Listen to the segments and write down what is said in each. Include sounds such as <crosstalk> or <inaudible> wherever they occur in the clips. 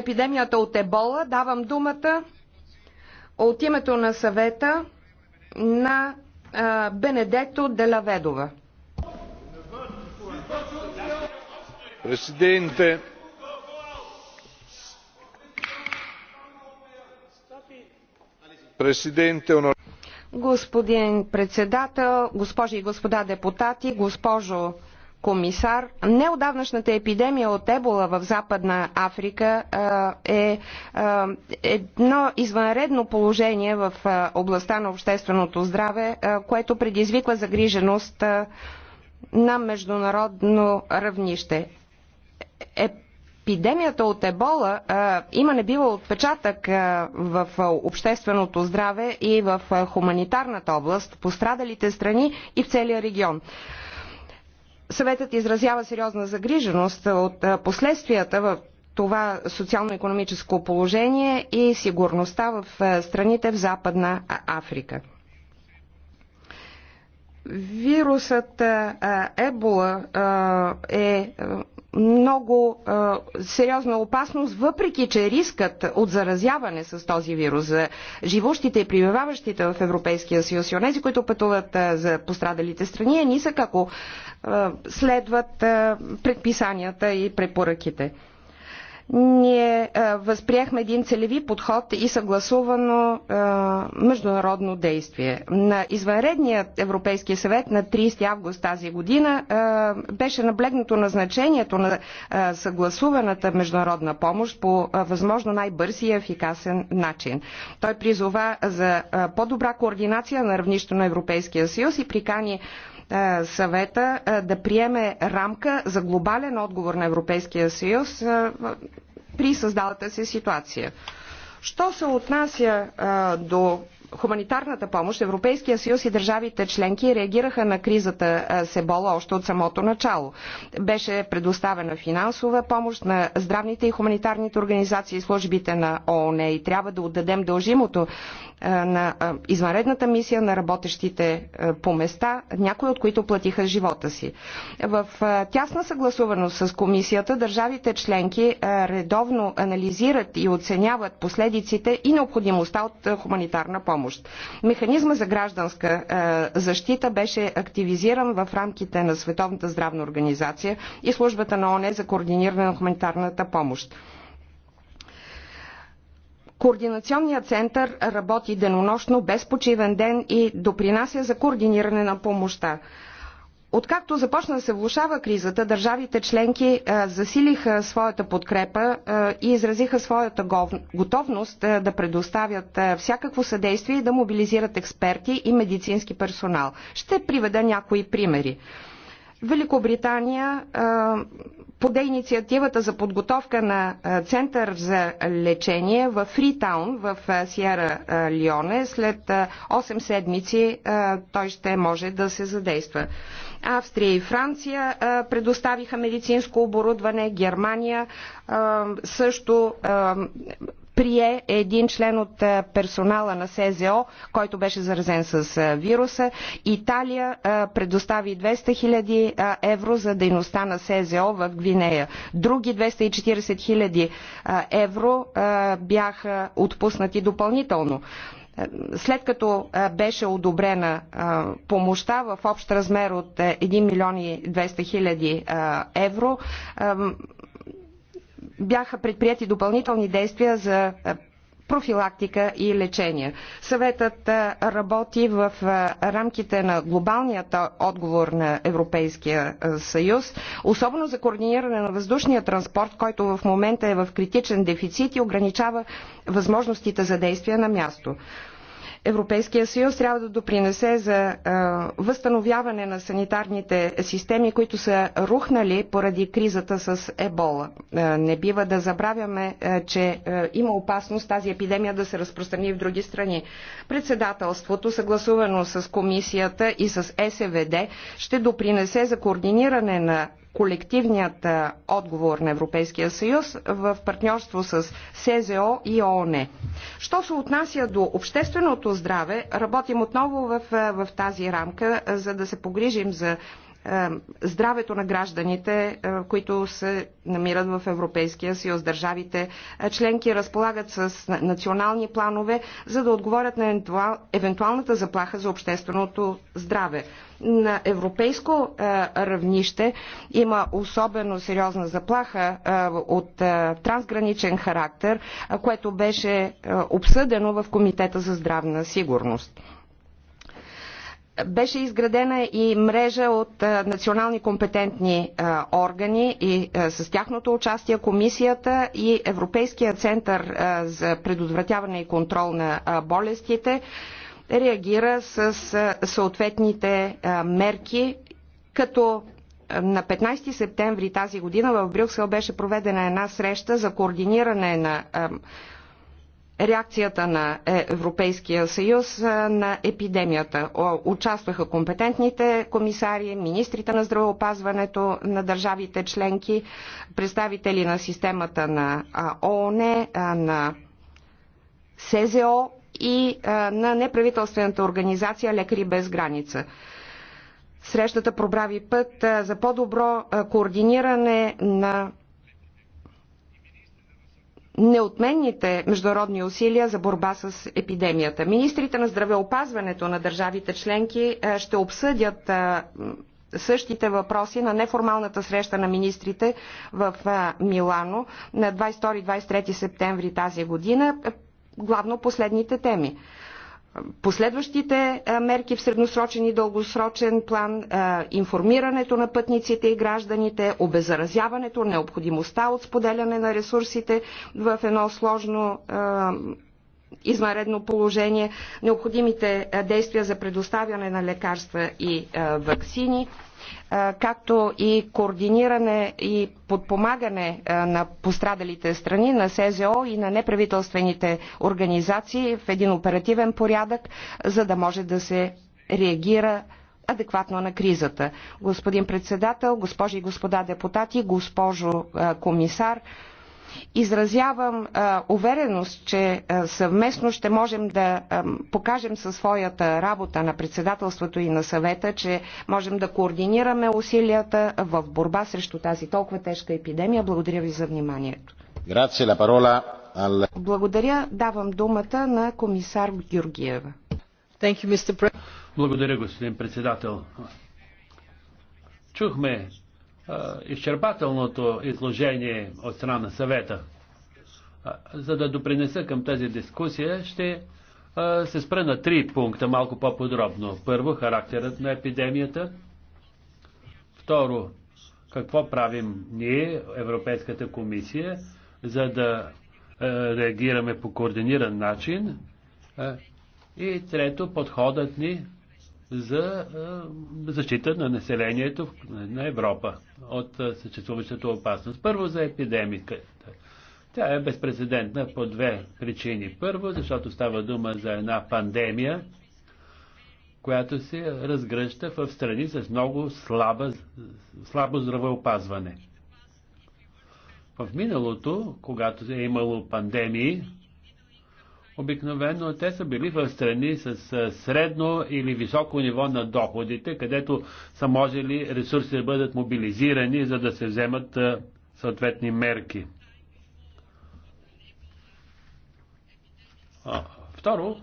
епидемията от ебола, давам думата от името на съвета на Бенедето Делаведова. Президенте, Президенте, Господин председател, госпожи и господа депутати, госпожо комисар, неодавнашната епидемия от ебола в Западна Африка е едно извънредно положение в областта на общественото здраве, което предизвиква загриженост на международно равнище. Епидемията от ебола има небива отпечатък в общественото здраве и в хуманитарната област, пострадалите страни и в целия регион. Съветът изразява сериозна загриженост от последствията в това социално-економическо положение и сигурността в страните в Западна Африка. Вирусът Ебола е много а, сериозна опасност, въпреки че рискът от заразяване с този вирус за живущите и прибиваващите в Европейския съюз и онези, които пътуват а, за пострадалите страни, е нисък, ако а, следват а, предписанията и препоръките ние възприехме един целеви подход и съгласувано международно действие. На извънредният Европейски съвет на 30 август тази година беше наблегнато на на съгласуваната международна помощ по възможно най-бърз и ефикасен начин. Той призова за по-добра координация на равнището на Европейския съюз и прикани е, съвета е, да приеме рамка за глобален отговор на Европейския съюз е, при създалата се ситуация. Що се отнася до хуманитарната помощ, Европейския съюз и държавите членки реагираха на кризата с ебола още от самото начало. Беше предоставена финансова помощ на здравните и хуманитарните организации и службите на ООН и трябва да отдадем дължимото на извънредната мисия на работещите по места, някои от които платиха живота си. В тясна съгласуваност с комисията, държавите членки редовно анализират и оценяват последиците и необходимостта от хуманитарна помощ помощ. Механизма за гражданска е, защита беше активизиран в рамките на Световната здравна организация и службата на ОНЕ за координиране на хуманитарната помощ. Координационният център работи денонощно, без почивен ден и допринася за координиране на помощта. Откакто започна да се влушава кризата, държавите членки е, засилиха своята подкрепа е, и изразиха своята готовност е, да предоставят всякакво съдействие и да мобилизират експерти и медицински персонал. Ще приведа някои примери. Великобритания поде инициативата за подготовка на център за лечение в Фритаун в Сиера Лионе. След 8 седмици той ще може да се задейства. Австрия и Франция предоставиха медицинско оборудване, Германия също прие един член от персонала на СЗО, който беше заразен с вируса. Италия предостави 200 000 евро за дейността на СЗО в Гвинея. Други 240 000 евро бяха отпуснати допълнително след като беше одобрена помощта в общ размер от 1 милион и 200 хиляди евро, бяха предприяти допълнителни действия за профилактика и лечение. Съветът работи в рамките на глобалният отговор на Европейския съюз, особено за координиране на въздушния транспорт, който в момента е в критичен дефицит и ограничава възможностите за действие на място. Европейския съюз трябва да допринесе за възстановяване на санитарните системи, които са рухнали поради кризата с ебола. Не бива да забравяме, че има опасност тази епидемия да се разпространи в други страни. Председателството, съгласувано с комисията и с СВД, ще допринесе за координиране на колективният отговор на Европейския съюз в партньорство с СЗО и ООН. Що се отнася до общественото здраве, работим отново в, в тази рамка, за да се погрижим за здравето на гражданите, които се намират в Европейския съюз. Държавите членки разполагат с национални планове, за да отговорят на евентуалната заплаха за общественото здраве на европейско равнище има особено сериозна заплаха от трансграничен характер, което беше обсъдено в Комитета за здравна сигурност беше изградена и мрежа от национални компетентни органи и с тяхното участие комисията и Европейския център за предотвратяване и контрол на болестите реагира с съответните мерки, като на 15 септември тази година в Брюксел беше проведена една среща за координиране на реакцията на е, Европейския съюз на епидемията. Участваха компетентните комисари, министрите на здравеопазването на държавите членки, представители на системата на ООН, на СЗО, и на неправителствената организация Лекари без граница. Срещата пробрави път за по-добро координиране на неотменните международни усилия за борба с епидемията. Министрите на здравеопазването на държавите членки ще обсъдят същите въпроси на неформалната среща на министрите в Милано на 22-23 септември тази година главно последните теми. Последващите мерки в средносрочен и дългосрочен план, информирането на пътниците и гражданите, обеззаразяването, необходимостта от споделяне на ресурсите в едно сложно извънредно положение, необходимите действия за предоставяне на лекарства и вакцини, както и координиране и подпомагане на пострадалите страни, на СЗО и на неправителствените организации в един оперативен порядък, за да може да се реагира адекватно на кризата. Господин председател, госпожи и господа депутати, госпожо комисар, Изразявам а, увереност, че а, съвместно ще можем да а, покажем със своята работа на председателството и на съвета, че можем да координираме усилията в борба срещу тази толкова тежка епидемия. Благодаря ви за вниманието. Благодаря. Давам думата на комисар Георгиева. Благодаря, господин председател. Чухме изчерпателното изложение от страна на съвета. За да допринеса към тази дискусия, ще се спра на три пункта малко по-подробно. Първо, характерът на епидемията. Второ, какво правим ние, Европейската комисия, за да реагираме по координиран начин. И трето, подходът ни за защита на населението на Европа от съществуващата опасност. Първо за епидемиката. Тя е безпредседентна по две причини. Първо, защото става дума за една пандемия, която се разгръща в страни с много слаба, слабо здравеопазване. В миналото, когато е имало пандемии, обикновено те са били в страни с средно или високо ниво на доходите, където са можели ресурси да бъдат мобилизирани, за да се вземат съответни мерки. А, второ,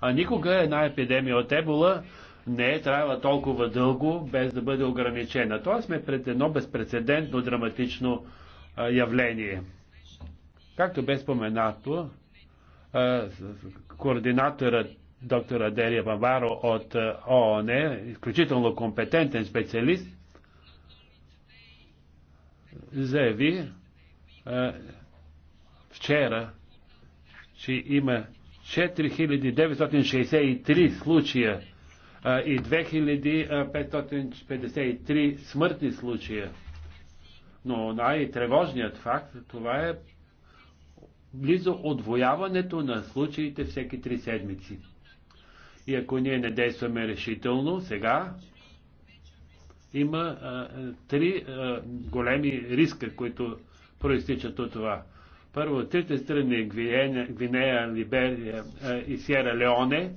а никога една епидемия от ебола не е трябва толкова дълго, без да бъде ограничена. Тоест сме пред едно безпредседентно драматично явление. Както бе споменато, Координатора доктора Делия Баваро от ООН, изключително компетентен специалист, заяви вчера, че има 4963 случая и 2553 смъртни случая. Но най-тревожният факт това е близо отвояването на случаите всеки три седмици. И ако ние не действаме решително сега, има а, три а, големи риска, които проистичат от това. Първо, трите страни Гвинея, Либерия а, и Сиера Леоне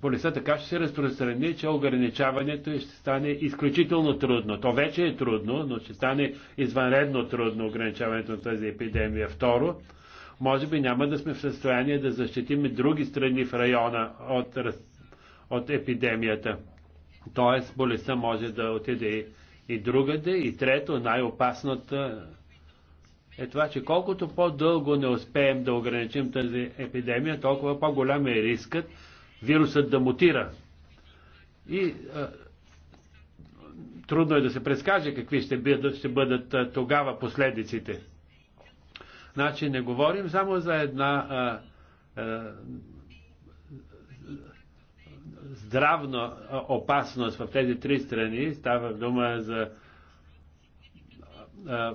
болестта така ще се разпространи, че ограничаването ще стане изключително трудно. То вече е трудно, но ще стане извънредно трудно ограничаването на тази епидемия. Второ, може би няма да сме в състояние да защитим и други страни в района от, от епидемията. Тоест, болестта може да отиде и, и другаде. И трето, най-опасната е това, че колкото по-дълго не успеем да ограничим тази епидемия, толкова по-голям е рискът вирусът да мутира. И а, трудно е да се предскаже какви ще бъдат, ще бъдат а, тогава последиците. Значи не говорим само за една а, а, здравна опасност в тези три страни. Става дума за а,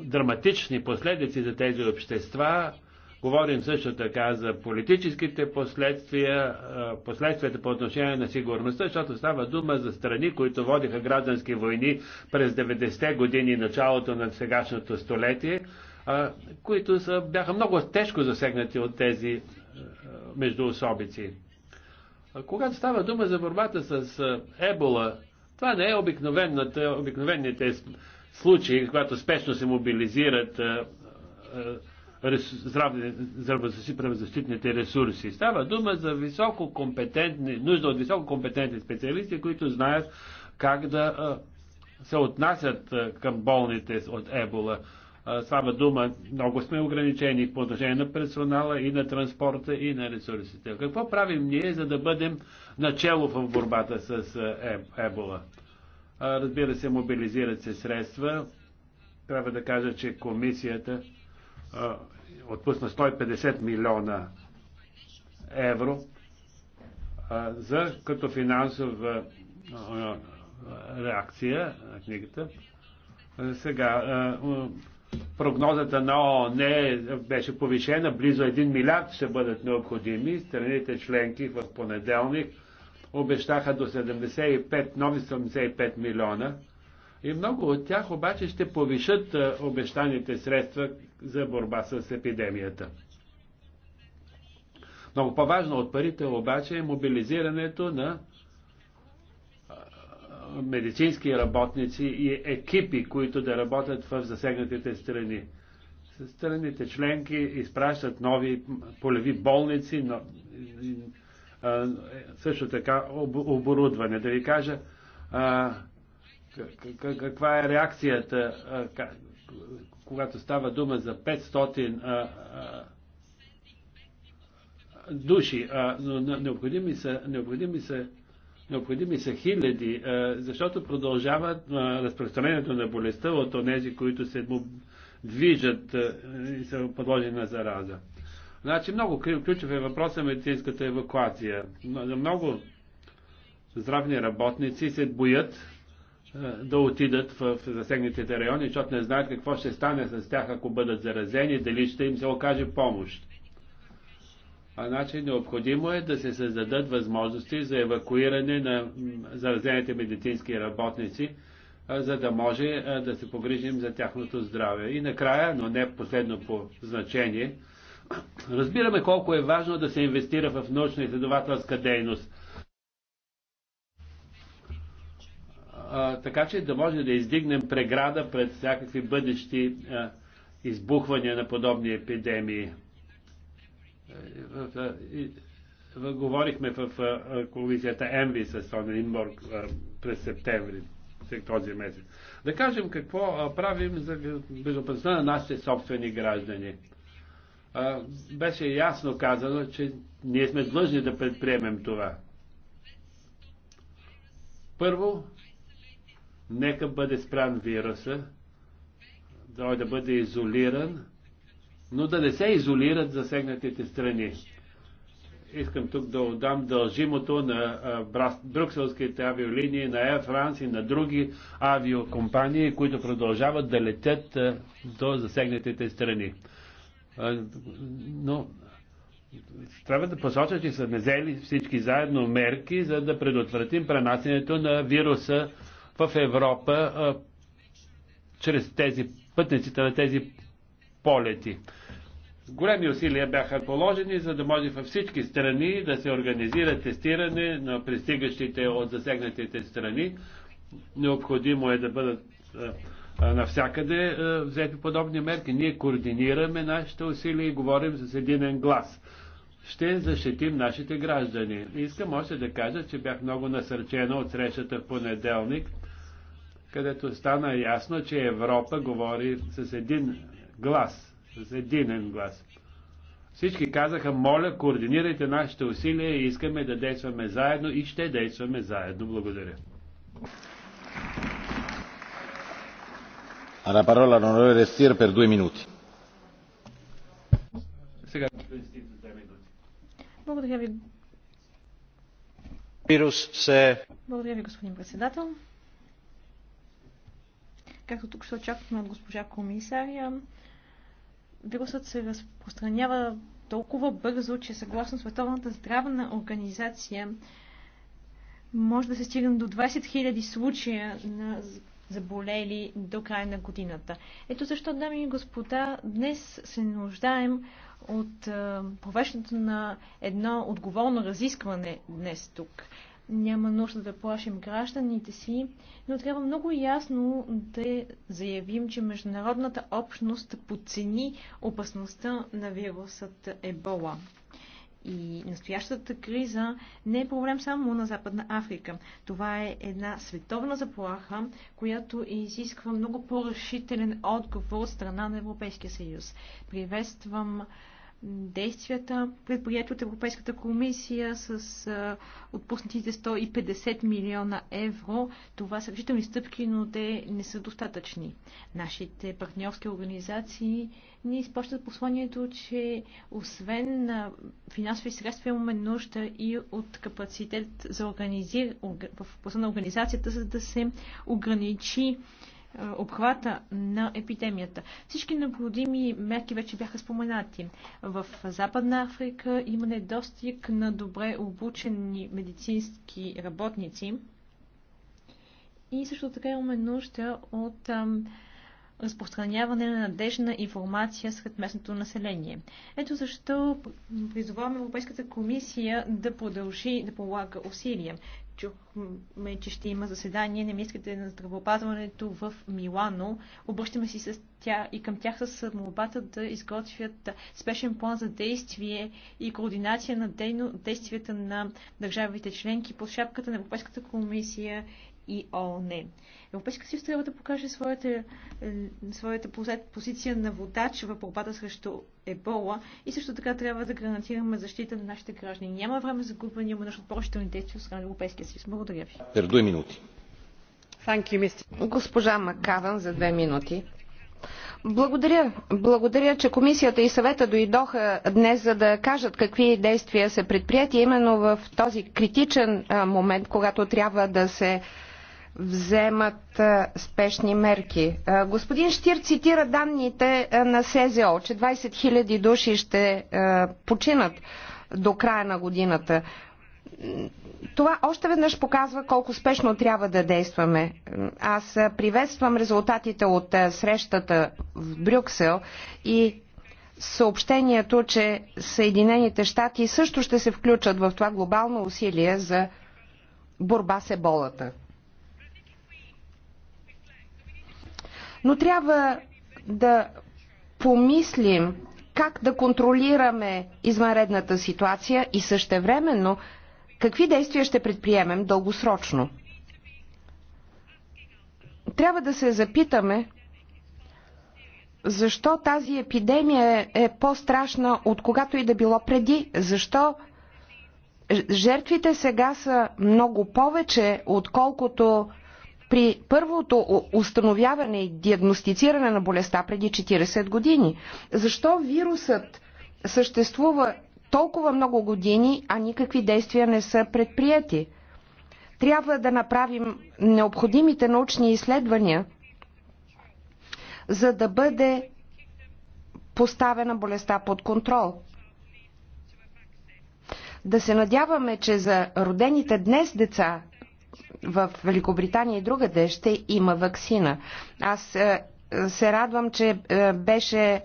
драматични последици за тези общества, Говорим също така за политическите последствия, последствията по отношение на сигурността, защото става дума за страни, които водиха граждански войни през 90-те години, началото на сегашното столетие, които са, бяха много тежко засегнати от тези междуособици. Когато става дума за борбата с ебола, това не е обикновените случаи, когато спешно се мобилизират здравозащитните ресурси. Става дума за високо компетентни, нужда от високо компетентни специалисти, които знаят как да се отнасят към болните от ебола. Става дума, много сме ограничени по отношение на персонала и на транспорта и на ресурсите. Какво правим ние, за да бъдем начало в борбата с ебола? Разбира се, мобилизират се средства. Трябва да кажа, че комисията отпусна 150 милиона евро за като финансова реакция на книгата. Сега, прогнозата на ООН е, беше повишена, близо 1 милиард ще бъдат необходими. Страните членки в понеделник обещаха до 75, нови 75 милиона. И много от тях обаче ще повишат е, обещаните средства за борба с епидемията. Много по-важно от парите обаче е мобилизирането на е, е, медицински работници и екипи, които да работят в засегнатите страни. Страните членки изпращат нови полеви болници, но, също така оборудване. Да ви кажа, каква е реакцията, когато става дума за 500 души, но необходими са, необходими са, необходими са хиляди, защото продължава разпространението на болестта от онези, които се движат и са подложени на зараза. Значи много ключов е въпроса медицинската евакуация. Много здравни работници се боят е, да отидат в засегнатите райони, защото не знаят какво ще стане с тях, ако бъдат заразени, дали ще им се окаже помощ. А значи необходимо е да се създадат възможности за евакуиране на заразените медицински работници, за да може да се погрижим за тяхното здраве. И накрая, но не последно по значение, <clears throat> разбираме колко е важно да се инвестира в научно-изследователска дейност – така че да може да издигнем преграда пред всякакви бъдещи а, избухвания на подобни епидемии. Е, говорихме в комисията ЕМВИ с Соня Инборг през септември, този месец. Да кажем какво правим за безопасността на нашите собствени граждани. Беше ясно казано, че ние сме длъжни да предприемем това. Първо, Нека бъде спрян вируса, той да бъде изолиран, но да не се изолират засегнатите страни. Искам тук да отдам дължимото на брюкселските авиолинии, на Air France и на други авиокомпании, които продължават да летят до засегнатите страни. Но трябва да посоча, че сме взели всички заедно мерки, за да предотвратим пренасенето на вируса в Европа чрез тези пътниците на тези полети. Големи усилия бяха положени, за да може във всички страни да се организира тестиране на пристигащите от засегнатите страни. Необходимо е да бъдат навсякъде взети подобни мерки. Ние координираме нашите усилия и говорим с единен глас. Ще защитим нашите граждани. Искам още да кажа, че бях много насърчена от срещата в понеделник където стана ясно, че Европа говори с един глас, с единен глас. Всички казаха, моля, координирайте нашите усилия и искаме да действаме заедно и ще действаме заедно. Благодаря. А на парола на Норве Стир пер 2 минути. Сега Благодаря ви. Благодаря ви, господин председател. Както тук ще очакваме от госпожа комисария, вирусът се разпространява толкова бързо, че съгласно Световната здравна организация може да се стигне до 20 000 случая на заболели до края на годината. Ето защо, дами и господа, днес се нуждаем от провеждането на едно отговорно разискване днес тук. Няма нужда да плашим гражданите си, но трябва много ясно да заявим, че международната общност подцени опасността на вирусът Ебола. И настоящата криза не е проблем само на Западна Африка. Това е една световна заплаха, която изисква много по-решителен отговор от страна на Европейския съюз. Приветствам действията, предприяти от Европейската комисия с а, отпуснатите 150 милиона евро. Това са решителни стъпки, но те не са достатъчни. Нашите партньорски организации ни изпощат посланието, че освен на финансови средства имаме нужда и от капацитет за организи... в областта на организацията, за да се ограничи е, обхвата на епидемията. Всички необходими мерки вече бяха споменати. В Западна Африка има недостиг на добре обучени медицински работници. И също така имаме нужда от разпространяване на надежна информация сред местното население. Ето защо призоваваме Европейската комисия да продължи да полага усилия чухме, че ще има заседание на министрите на здравеопазването в Милано. Обръщаме си с тя и към тях с молбата да изготвят спешен план за действие и координация на дейно, действията на държавите членки под шапката на Европейската комисия и ООН. Европейска съюз трябва да покаже своята, е, своята позиция на водач в борбата срещу ебола и също така трябва да гарантираме защита на нашите граждани. Няма време за губване, има нужда от положителни действия от страна на Европейския съюз. Благодаря ви. две минути. Госпожа Макаван за две минути. Благодаря. Благодаря, че комисията и съвета дойдоха днес, за да кажат какви действия са предприяти именно в този критичен момент, когато трябва да се вземат спешни мерки. Господин Штир цитира данните на СЗО, че 20 000 души ще починат до края на годината. Това още веднъж показва колко спешно трябва да действаме. Аз приветствам резултатите от срещата в Брюксел и съобщението, че Съединените щати също ще се включат в това глобално усилие за борба с еболата. Но трябва да помислим как да контролираме извънредната ситуация и същевременно какви действия ще предприемем дългосрочно. Трябва да се запитаме защо тази епидемия е по-страшна от когато и да било преди, защо жертвите сега са много повече, отколкото при първото установяване и диагностициране на болестта преди 40 години. Защо вирусът съществува толкова много години, а никакви действия не са предприяти? Трябва да направим необходимите научни изследвания, за да бъде поставена болестта под контрол. Да се надяваме, че за родените днес деца в Великобритания и другаде ще има вакцина. Аз е, се радвам, че е, беше е,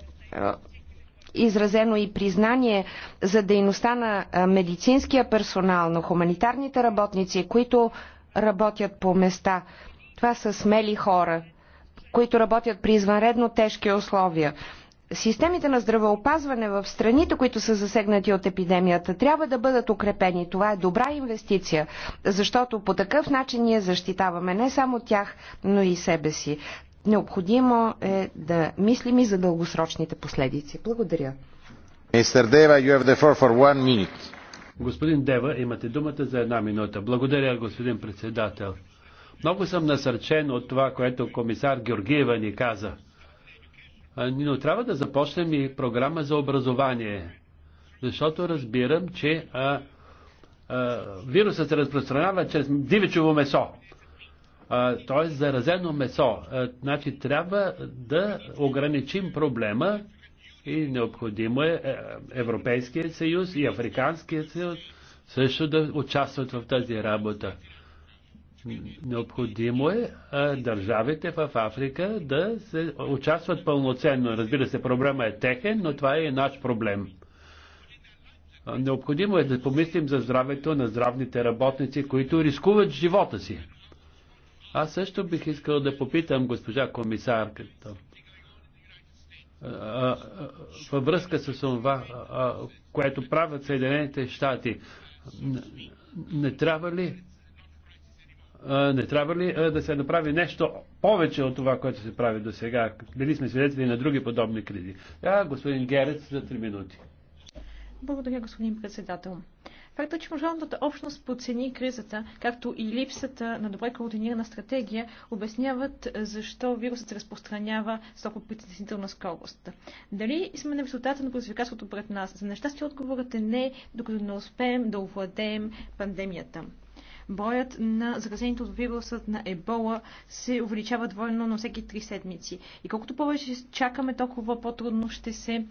изразено и признание за дейността на медицинския персонал, на хуманитарните работници, които работят по места. Това са смели хора, които работят при извънредно тежки условия системите на здравеопазване в страните, които са засегнати от епидемията, трябва да бъдат укрепени. Това е добра инвестиция, защото по такъв начин ние защитаваме не само тях, но и себе си. Необходимо е да мислим и за дългосрочните последици. Благодаря. Дева, you have the floor for one minute. Господин Дева, имате думата за една минута. Благодаря, господин председател. Много съм насърчен от това, което комисар Георгиева ни каза – но трябва да започнем и програма за образование, защото разбирам, че а, а, вирусът се разпространява чрез дивечево месо, т.е. заразено месо. А, значи трябва да ограничим проблема и необходимо е, е Европейският съюз и Африканският съюз също да участват в тази работа. Необходимо е а, държавите в Африка да се участват пълноценно. Разбира се, проблема е техен, но това е и наш проблем. Необходимо е да помислим за здравето на здравните работници, които рискуват живота си. Аз също бих искал да попитам госпожа комисарката във връзка с това, което правят Съединените щати. Не трябва ли не трябва ли да се направи нещо повече от това, което се прави до сега? Били сме свидетели на други подобни кризи. А, господин Герец, за три минути. Благодаря, господин председател. Факта, е, че международната общност подцени кризата, както и липсата на добре координирана стратегия, обясняват защо вирусът се разпространява с толкова притеснителна скорост. Дали сме на висотата на предизвикателството пред нас? За нещастие отговорът е не, докато не успеем да овладеем пандемията. Броят на заразените от вирусът на ебола се увеличава двойно на всеки три седмици. И колкото повече чакаме, толкова по-трудно ще се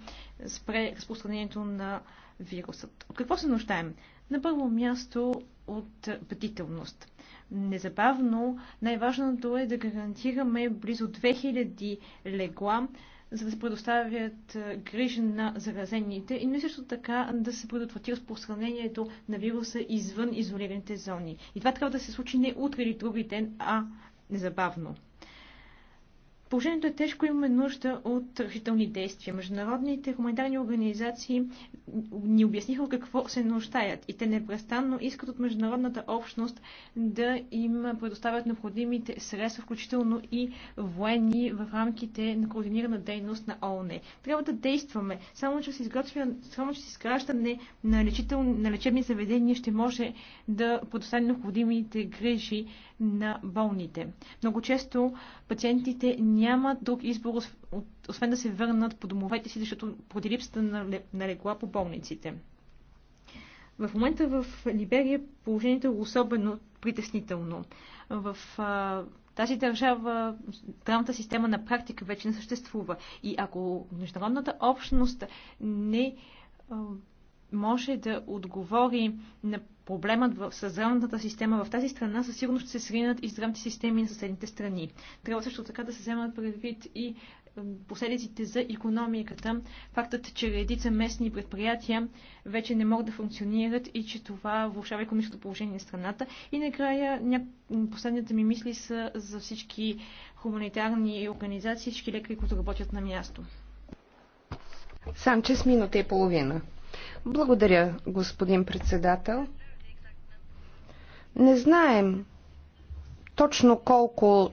спре разпространението на вирусът. От какво се нуждаем? На първо място от бдителност. Незабавно най-важното е да гарантираме близо 2000 легла за да се предоставят грижи на заразените, но и също така да се предотврати разпространението на вируса извън изолираните зони. И това трябва да се случи не утре или други ден, а незабавно. Положението е тежко, имаме нужда от решителни действия. Международните хуманитарни организации ни обясниха какво се нуждаят и те непрестанно искат от международната общност да им предоставят необходимите средства, включително и военни в рамките на координирана дейност на ООН. Трябва да действаме. Само че с, само чрез изграждане на, лечител, на лечебни заведения ще може да предоставим необходимите грижи на болните. Много често пациентите нямат друг избор, освен да се върнат по домовете си, защото поради липсата на легла по болниците. В момента в Либерия положението е особено притеснително. В а, тази държава здравната система на практика вече не съществува. И ако международната общност не а, може да отговори на проблемът в, здравната система в тази страна, със сигурност ще се сринат и здравните системи на съседните страни. Трябва също така да се вземат предвид и последиците за економиката, фактът, че редица местни предприятия вече не могат да функционират и че това влушава економическото положение на страната. И накрая ня... последните ми мисли са за всички хуманитарни организации, всички лекари, които работят на място. Санчес, минута и половина. Благодаря, господин председател. Не знаем точно колко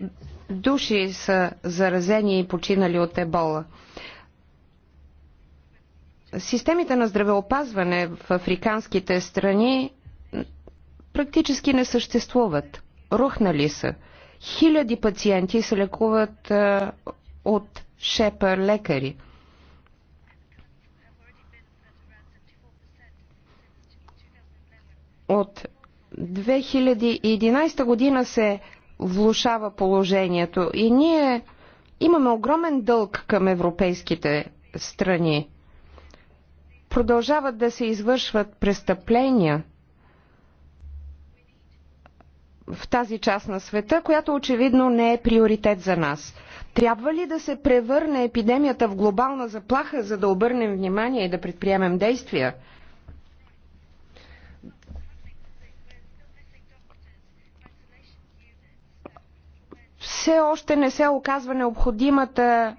души са заразени и починали от ебола. Системите на здравеопазване в африканските страни практически не съществуват. Рухнали са. Хиляди пациенти се лекуват от шепа лекари – От 2011 година се влушава положението и ние имаме огромен дълг към европейските страни. Продължават да се извършват престъпления в тази част на света, която очевидно не е приоритет за нас. Трябва ли да се превърне епидемията в глобална заплаха, за да обърнем внимание и да предприемем действия? все още не се оказва необходимата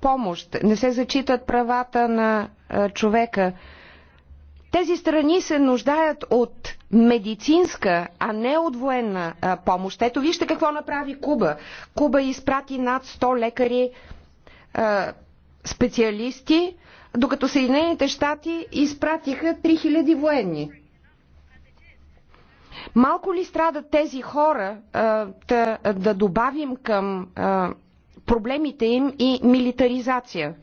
помощ, не се зачитат правата на човека. Тези страни се нуждаят от медицинска, а не от военна помощ. Ето вижте какво направи Куба. Куба изпрати над 100 лекари, специалисти, докато Съединените щати изпратиха 3000 военни. Малко ли страдат тези хора, да, да добавим към проблемите им и милитаризация?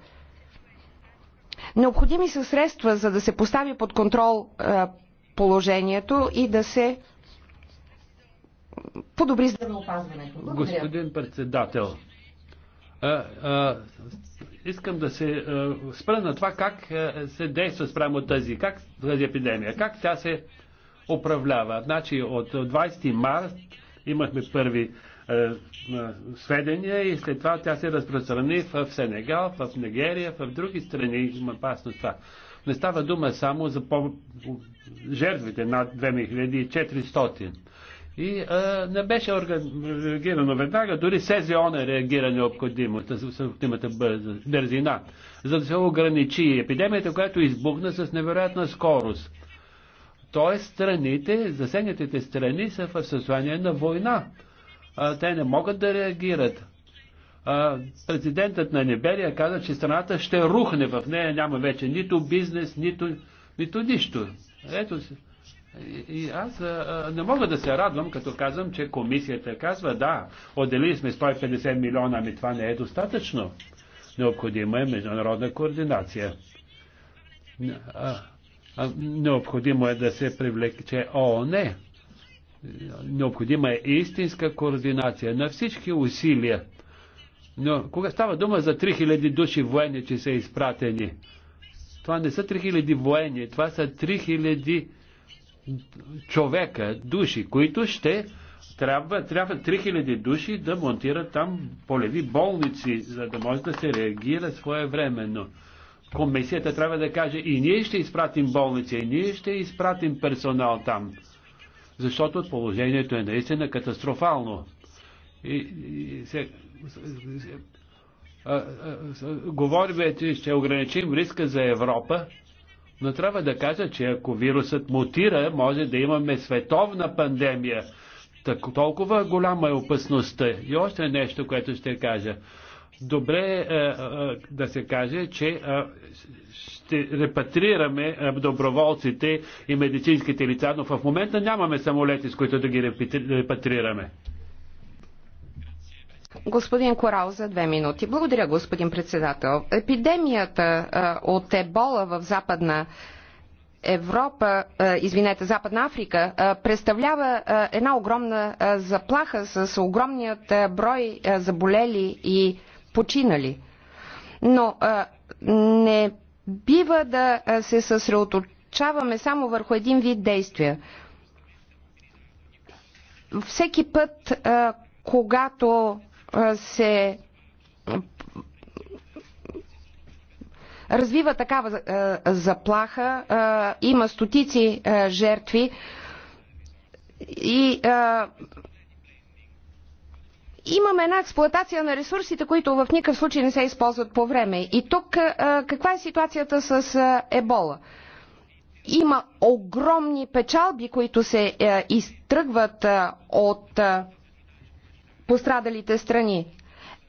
Необходими са средства, за да се постави под контрол положението и да се подобри здравеопазването. Господин председател, а, а, искам да се а, спра на това как се действа спрямо тази, как, тази епидемия, как тя се управлява. Значи от 20 март имахме първи е, е, сведения и след това тя се разпространи в Сенегал, в Нигерия, в други страни. Има опасност това. Не става дума само за по... жертвите над 2400. И а, е, не беше реагирано веднага, дори СЗО не реагира необходимо, с необходимата бързина, за да се ограничи епидемията, която избухна с невероятна скорост. Тоест страните, засегнатите страни са в състояние на война. А, те не могат да реагират. А, президентът на Ниберия каза, че страната ще рухне в нея, няма вече нито бизнес, нито, нито нищо. Ето се. И аз а, не мога да се радвам, като казвам, че комисията казва, да, отделили сме 150 милиона, ами това не е достатъчно. Необходима е международна координация. А, Необходимо е да се привлече ООН. Необходима е истинска координация на всички усилия. Но кога става дума за 3000 души военни, че са изпратени, това не са 3000 военни, това са 3000 човека, души, които ще трябва, трябва 3000 души да монтират там полеви болници, за да може да се реагира своевременно комисията трябва да каже и ние ще изпратим болници, и ние ще изпратим персонал там. Защото положението е наистина катастрофално. И, и се, а, а, а, говорим, че ще ограничим риска за Европа, но трябва да кажа, че ако вирусът мутира, може да имаме световна пандемия. Так, толкова голяма е опасността. И още нещо, което ще кажа добре е, е, е, да се каже, че е, ще репатрираме е, доброволците и медицинските лица, но в момента нямаме самолети, с които да ги репатрираме. Господин Корал за две минути. Благодаря, господин председател. Епидемията е, от ебола в Западна Европа, извинете, Западна Африка, представлява една огромна заплаха с огромният брой заболели и починали. Но а, не бива да се съсредоточаваме само върху един вид действия. Всеки път, а, когато а, се развива такава а, заплаха, а, има стотици а, жертви и а, имаме една експлоатация на ресурсите, които в никакъв случай не се използват по време. И тук каква е ситуацията с ебола? Има огромни печалби, които се изтръгват от пострадалите страни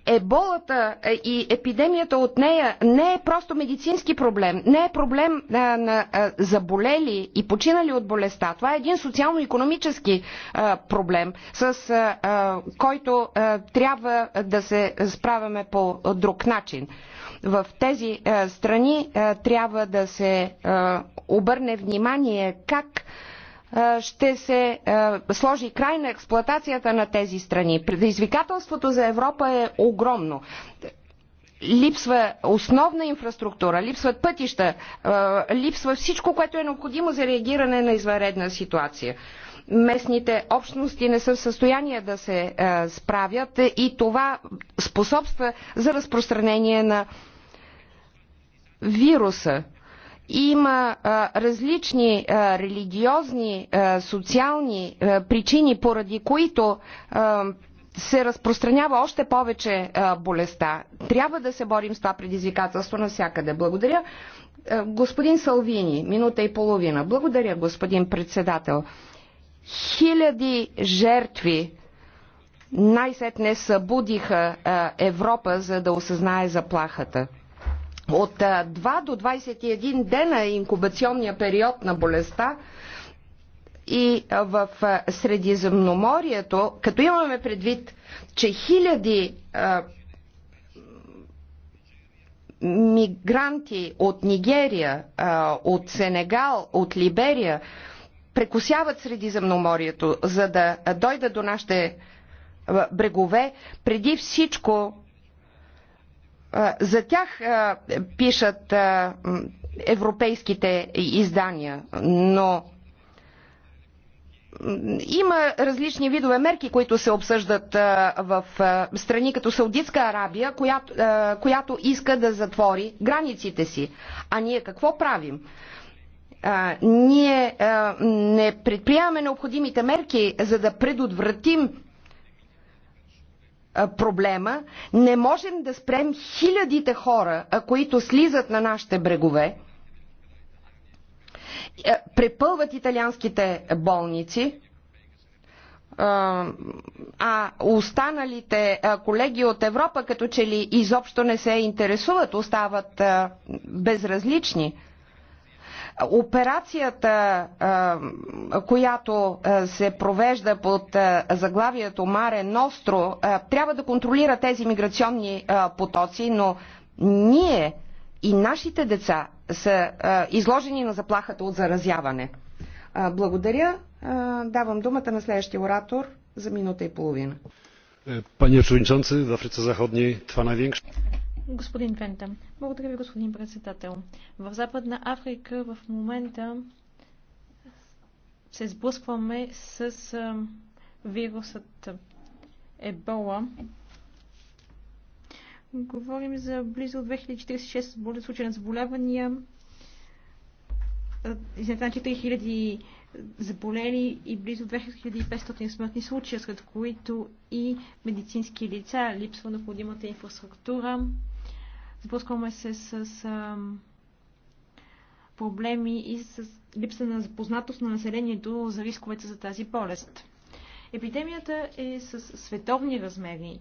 еболата е, и епидемията от нея не е просто медицински проблем, не е проблем на, заболели и починали от болестта. Това е един социално-економически проблем, с а, който а, трябва да се справяме по друг начин. В тези а, страни а, трябва да се а, обърне внимание как ще се сложи край на експлоатацията на тези страни. Предизвикателството за Европа е огромно. Липсва основна инфраструктура, липсват пътища, липсва всичко, което е необходимо за реагиране на извънредна ситуация местните общности не са в състояние да се справят и това способства за разпространение на вируса. Има различни религиозни, социални причини, поради които се разпространява още повече болестта. Трябва да се борим с това предизвикателство навсякъде. Благодаря. Господин Салвини, минута и половина. Благодаря, господин председател. Хиляди жертви най-сетне събудиха Европа, за да осъзнае заплахата. От 2 до 21 дена е инкубационния период на болестта и в Средиземноморието, като имаме предвид, че хиляди а, мигранти от Нигерия, а, от Сенегал, от Либерия прекусяват Средиземноморието, за да дойдат до нашите брегове, преди всичко за тях пишат европейските издания, но има различни видове мерки, които се обсъждат в страни като Саудитска Арабия, която, която иска да затвори границите си. А ние какво правим? А, ние а, не предприемаме необходимите мерки, за да предотвратим проблема, не можем да спрем хилядите хора, които слизат на нашите брегове, препълват италианските болници, а останалите колеги от Европа като че ли изобщо не се интересуват, остават безразлични. Операцията, която се провежда под заглавието Маре Ностро, трябва да контролира тези миграционни потоци, но ние и нашите деца са изложени на заплахата от заразяване. Благодаря. Давам думата на следващия оратор за минута и половина. Panie przewodniczący, w Afryce Zachodniej trwa największa. Господин Вента, благодаря ви, господин председател. В Западна Африка в момента се сблъскваме с вирусът Ебола. Говорим за близо 2046 случаи на заболявания, на 4000 заболели и близо 2500 смъртни случая, сред които и медицински лица, липсва необходимата инфраструктура, Сблъскваме се с, а, проблеми и с липса на запознатост на населението за рисковете за тази болест. Епидемията е с световни размери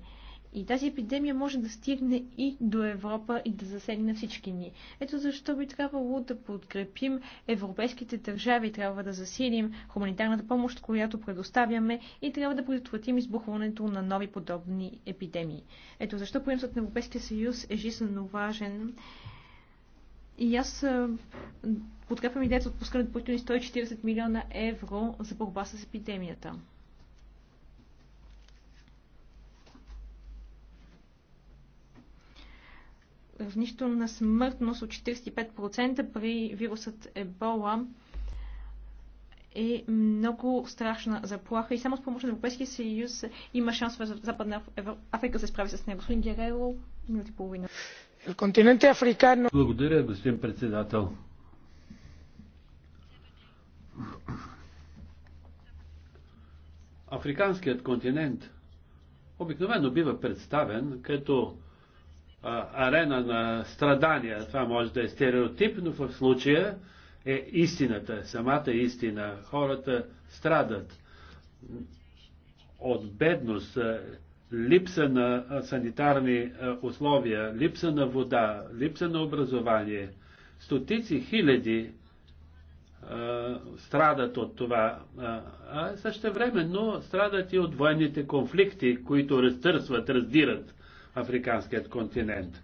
и тази епидемия може да стигне и до Европа и да засегне всички ни. Ето защо би трябвало да подкрепим европейските държави, трябва да засилим хуманитарната помощ, която предоставяме и трябва да предотвратим избухването на нови подобни епидемии. Ето защо приносът на Европейския съюз е жизненно важен. И аз подкрепям идеята от пускането на 140 милиона евро за борба с епидемията. равнището на смъртност от 45% при вирусът Ебола е много страшна заплаха и само с помощ на Европейския съюз има шанс в Западна Африка да се справи с него. Господин Герело, минути е Африкано... Благодаря, господин председател. Африканският континент обикновено бива представен като арена на страдания. Това може да е стереотип, но в случая е истината, самата истина. Хората страдат от бедност, липса на санитарни условия, липса на вода, липса на образование. Стотици хиляди страдат от това. А също време, но страдат и от военните конфликти, които разтърсват, раздират африканският континент.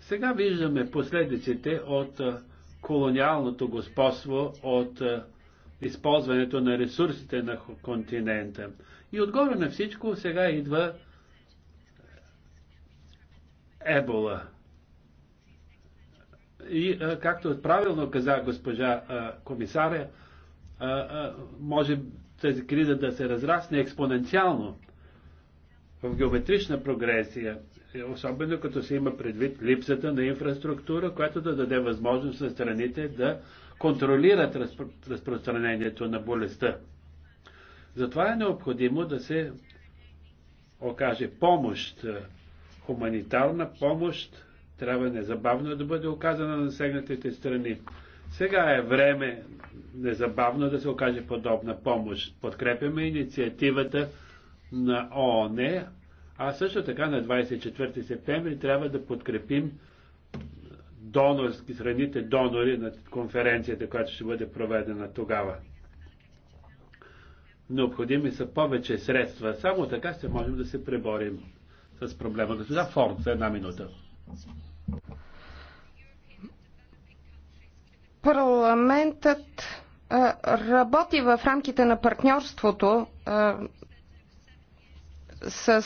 Сега виждаме последиците от колониалното господство, от използването на ресурсите на континента. И отгоре на всичко сега идва ебола. И както правилно каза госпожа комисаря, може тази криза да се разрасне експоненциално в геометрична прогресия, особено като се има предвид липсата на инфраструктура, която да даде възможност на страните да контролират разпро... разпространението на болестта. Затова е необходимо да се окаже помощ, хуманитарна помощ, трябва незабавно да бъде оказана на сегнатите страни. Сега е време незабавно да се окаже подобна помощ. Подкрепяме инициативата на ООН, а също така на 24 септември трябва да подкрепим донорски, страните донори на конференцията, която ще бъде проведена тогава. Необходими са повече средства. Само така ще можем да се преборим с проблема. Госпожа Форд, за една минута. Парламентът работи в рамките на партньорството с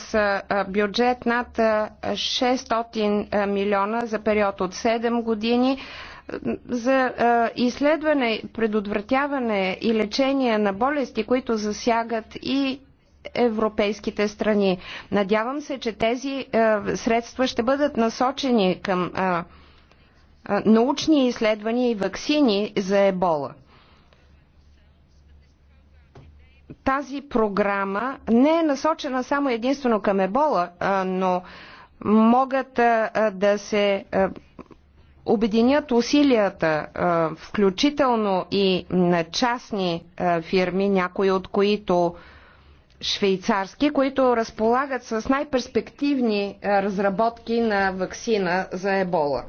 бюджет над 600 милиона за период от 7 години за изследване, предотвратяване и лечение на болести, които засягат и европейските страни. Надявам се, че тези средства ще бъдат насочени към научни изследвания и вакцини за ебола. Тази програма не е насочена само единствено към ебола, но могат да се обединят усилията, включително и на частни фирми, някои от които швейцарски, които разполагат с най-перспективни разработки на вакцина за ебола.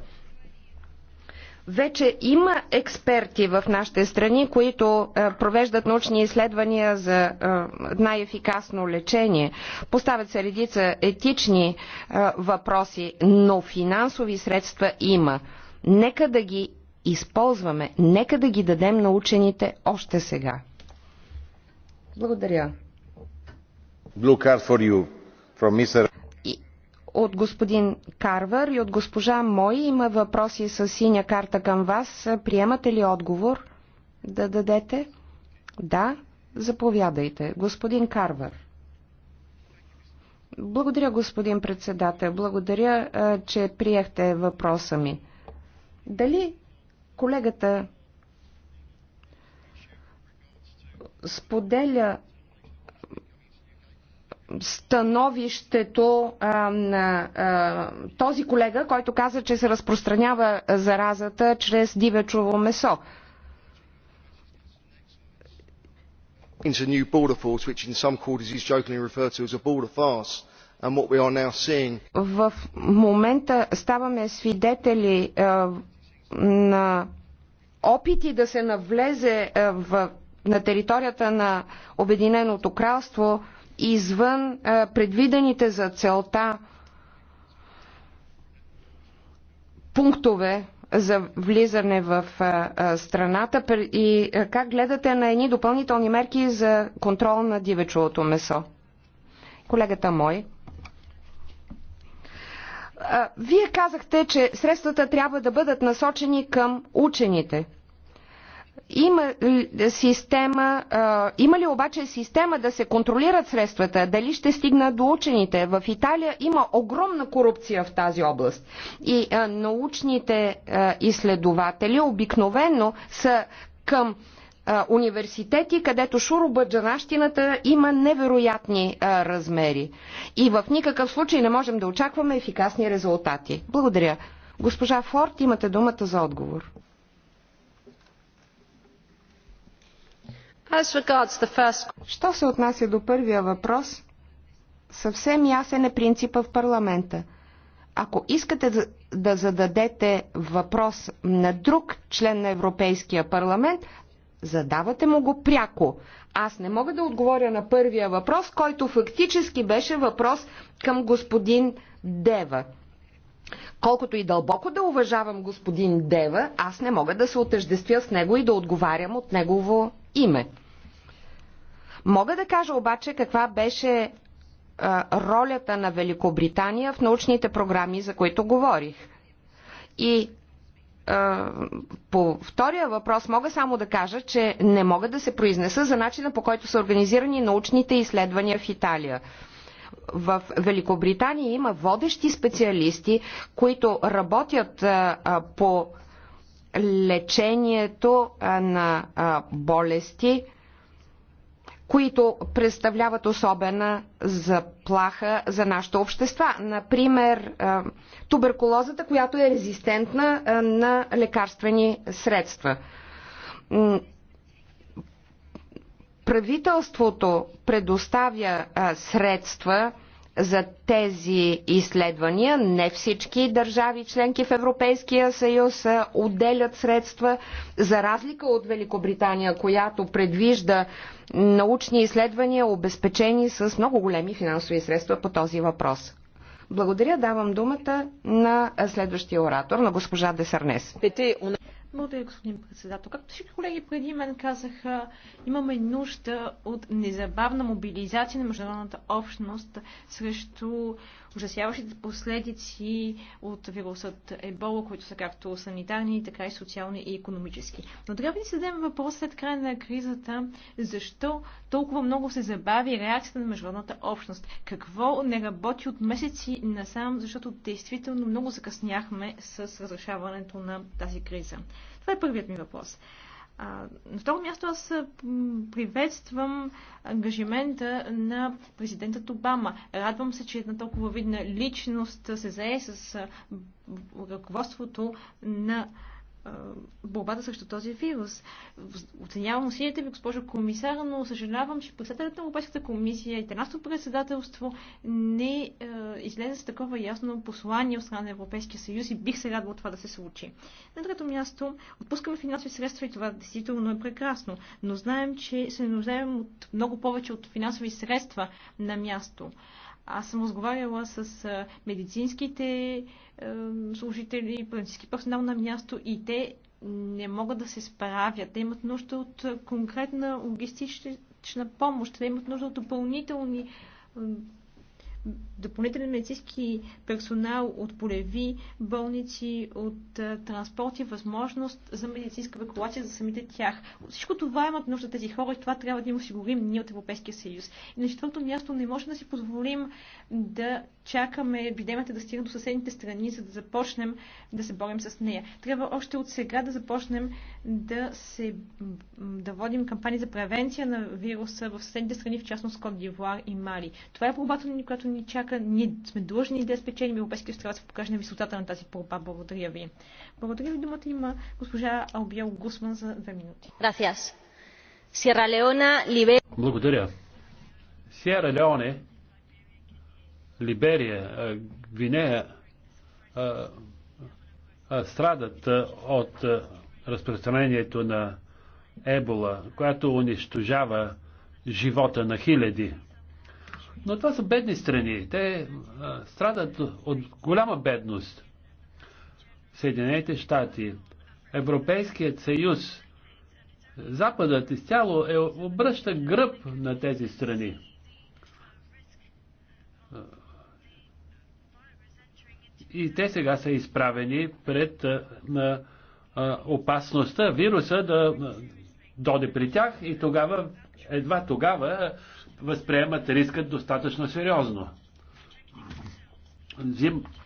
Вече има експерти в нашите страни, които е, провеждат научни изследвания за е, най-ефикасно лечение. Поставят се редица етични е, въпроси, но финансови средства има. Нека да ги използваме, нека да ги дадем на учените още сега. Благодаря. Blue card for you from Mr от господин Карвар и от госпожа Мой. Има въпроси с синя карта към вас. Приемате ли отговор да дадете? Да, заповядайте. Господин Карвар. Благодаря, господин председател. Благодаря, че приехте въпроса ми. Дали колегата споделя становището а, на а, този колега, който каза, че се разпространява заразата чрез дивечово месо. Into new border force, which in some quarters is jokingly referred to as a border farce. And what we are now seeing... В момента ставаме свидетели а, на опити да се навлезе а, в, на територията на Обединеното кралство извън предвидените за целта пунктове за влизане в страната и как гледате на едни допълнителни мерки за контрол на дивечовото месо? Колегата мой. Вие казахте, че средствата трябва да бъдат насочени към учените – има, система, има ли обаче система да се контролират средствата? Дали ще стигнат до учените? В Италия има огромна корупция в тази област. И научните изследователи обикновено са към университети, където шуробаджанащината има невероятни а, размери. И в никакъв случай не можем да очакваме ефикасни резултати. Благодаря. Госпожа Форд, имате думата за отговор. Що се отнася до първия въпрос, съвсем ясен е принципа в парламента. Ако искате да зададете въпрос на друг член на Европейския парламент, задавате му го пряко. Аз не мога да отговоря на първия въпрос, който фактически беше въпрос към господин Дева. Колкото и дълбоко да уважавам господин Дева, аз не мога да се отъждествя с него и да отговарям от негово име. Мога да кажа обаче каква беше ролята на Великобритания в научните програми, за които говорих. И по втория въпрос мога само да кажа, че не мога да се произнеса за начина по който са организирани научните изследвания в Италия. В Великобритания има водещи специалисти, които работят по лечението на болести, които представляват особена заплаха за нашите общества. Например, туберкулозата, която е резистентна на лекарствени средства. Правителството предоставя средства за тези изследвания. Не всички държави членки в Европейския съюз отделят средства, за разлика от Великобритания, която предвижда научни изследвания, обезпечени с много големи финансови средства по този въпрос. Благодаря, давам думата на следващия оратор, на госпожа Десарнес. Благодаря, господин председател. Както всички колеги преди мен казаха, имаме нужда от незабавна мобилизация на международната общност срещу ужасяващите последици от вирусът Ебола, които са както санитарни, така и социални и економически. Но трябва да си зададем въпрос след края на кризата, защо толкова много се забави реакцията на международната общност. Какво не работи от месеци насам, защото действително много закъсняхме с разрешаването на тази криза. Това е първият ми въпрос. На второ място аз приветствам ангажимента на президентът Обама. Радвам се, че една толкова видна личност се зае с ръководството на борбата срещу този вирус. Оценявам усилията ви, госпожо комисар, но съжалявам, че председателят на Европейската комисия и Тенасто председателство не излезе с такова ясно послание от страна на Европейския съюз и бих се радвал това да се случи. На трето място, отпускаме финансови средства и това действително е прекрасно, но знаем, че се нуждаем от много повече от финансови средства на място. Аз съм разговаряла с медицинските служители, медицински персонал на място и те не могат да се справят. Те имат нужда от конкретна логистична помощ, те имат нужда от допълнителни допълнителен медицински персонал от полеви болници, от транспорт и възможност за медицинска евакуация за самите тях. всичко това имат нужда тези хора и това трябва да им осигурим ние от Европейския съюз. И на четвърто място не може да си позволим да чакаме епидемията да стигне до съседните страни, за да започнем да се борим с нея. Трябва още от сега да започнем да, се, да водим кампании за превенция на вируса в съседните страни, в частност Кот Дивуар и Мали. Това е пробата ни, която ни чака. Ние сме длъжни да спечелим Европейския съюз трябва да се покаже на висотата на тази борба. Благодаря ви. Благодаря ви. Думата има госпожа Албиел Гусман за две минути. Благодаря. Сиера Леоне, Либерия, Гвинея страдат от разпространението на ебола, която унищожава живота на хиляди. Но това са бедни страни. Те а, страдат от голяма бедност. Съединените щати, Европейският съюз, Западът изцяло е, обръща гръб на тези страни. И те сега са изправени пред а, на, а, опасността вируса да доде при тях и тогава, едва тогава, възприемат рискът достатъчно сериозно.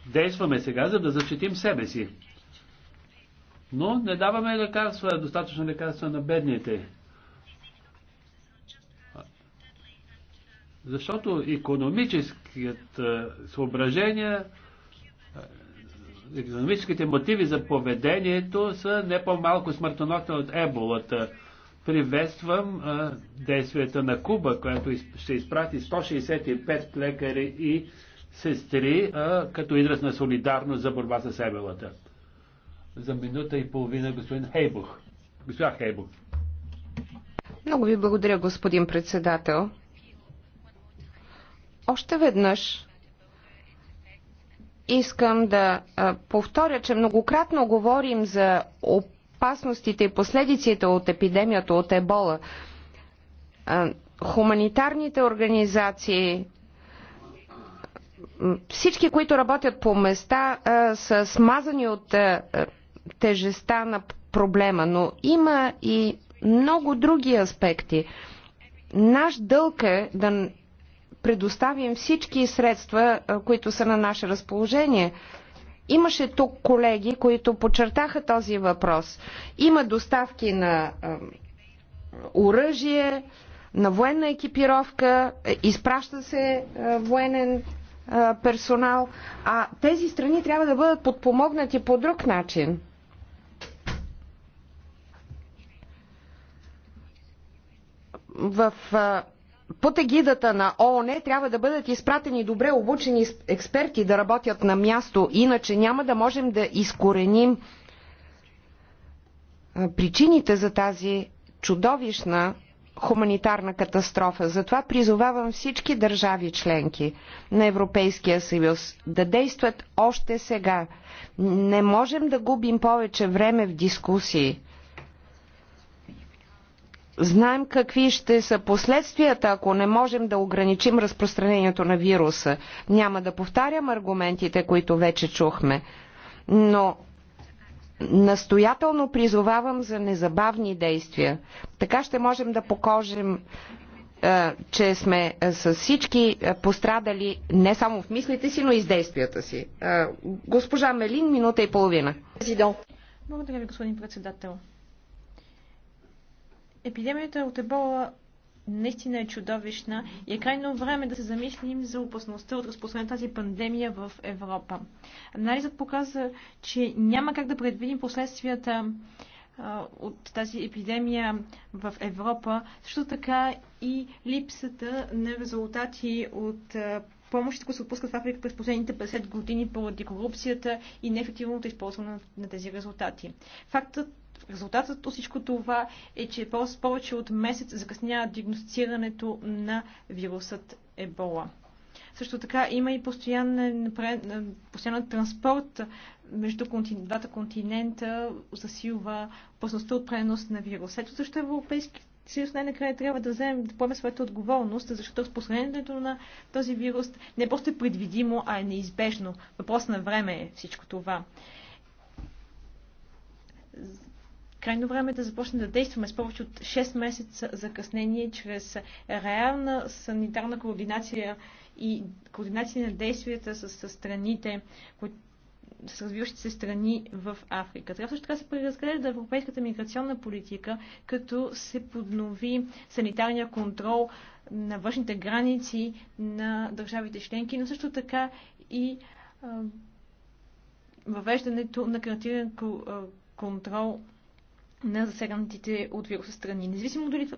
Действаме сега, за да защитим себе си. Но не даваме лекарства, достатъчно лекарства на бедните. Защото економическият е, съображения, економическите мотиви за поведението са не по-малко смъртоносни от еболата Приветствам а, действията на Куба, която ще изпрати 165 лекари и сестри а, като израз на солидарност за борба с ебелата. За минута и половина господин Хейбух. Господин Хейбух. Много ви благодаря, господин председател. Още веднъж искам да повторя, че многократно говорим за опасностите и последиците от епидемията от ебола. Хуманитарните организации, всички, които работят по места, са смазани от тежеста на проблема, но има и много други аспекти. Наш дълг е да предоставим всички средства, които са на наше разположение, Имаше тук колеги, които подчертаха този въпрос. Има доставки на оръжие, на военна екипировка, е, изпраща се е, военен е, персонал, а тези страни трябва да бъдат подпомогнати по друг начин. В под егидата на ООН трябва да бъдат изпратени добре обучени експерти да работят на място, иначе няма да можем да изкореним причините за тази чудовищна хуманитарна катастрофа. Затова призовавам всички държави членки на Европейския съюз да действат още сега. Не можем да губим повече време в дискусии. Знаем какви ще са последствията, ако не можем да ограничим разпространението на вируса. Няма да повтарям аргументите, които вече чухме, но настоятелно призовавам за незабавни действия. Така ще можем да покажем, е, че сме с всички е, пострадали не само в мислите си, но и с действията си. Е, госпожа Мелин, минута и половина. Благодаря ви, господин председател. Епидемията от ебола наистина е чудовищна и е крайно време да се замислим за опасността от разпространението тази пандемия в Европа. Анализът показа, че няма как да предвидим последствията от тази епидемия в Европа, също така и липсата на резултати от помощите, които се отпускат в Африка през последните 50 години поради корупцията и неефективното използване на тези резултати. Фактът, Резултатът от всичко това е, че повече от месец закъснява диагностицирането на вирусът Ебола. Също така има и постоянен, постоянен транспорт между двата континента, засилва опасността от пренос на вирус. Ето също Европейският съюз най-накрая трябва да вземем да поеме своята отговорност, защото разпространението на този вирус не е просто е предвидимо, а е неизбежно. Въпрос на време е всичко това Крайно време е да започне да действаме с повече от 6 месеца закъснение чрез реална санитарна координация и координация на действията с, с страните, които с развиващите се страни в Африка. Трябва също така се преразгледа европейската миграционна политика, като се поднови санитарния контрол на външните граници на държавите членки, но също така и а, въвеждането на карантинен контрол на засегнатите от вируса страни. Независимо дали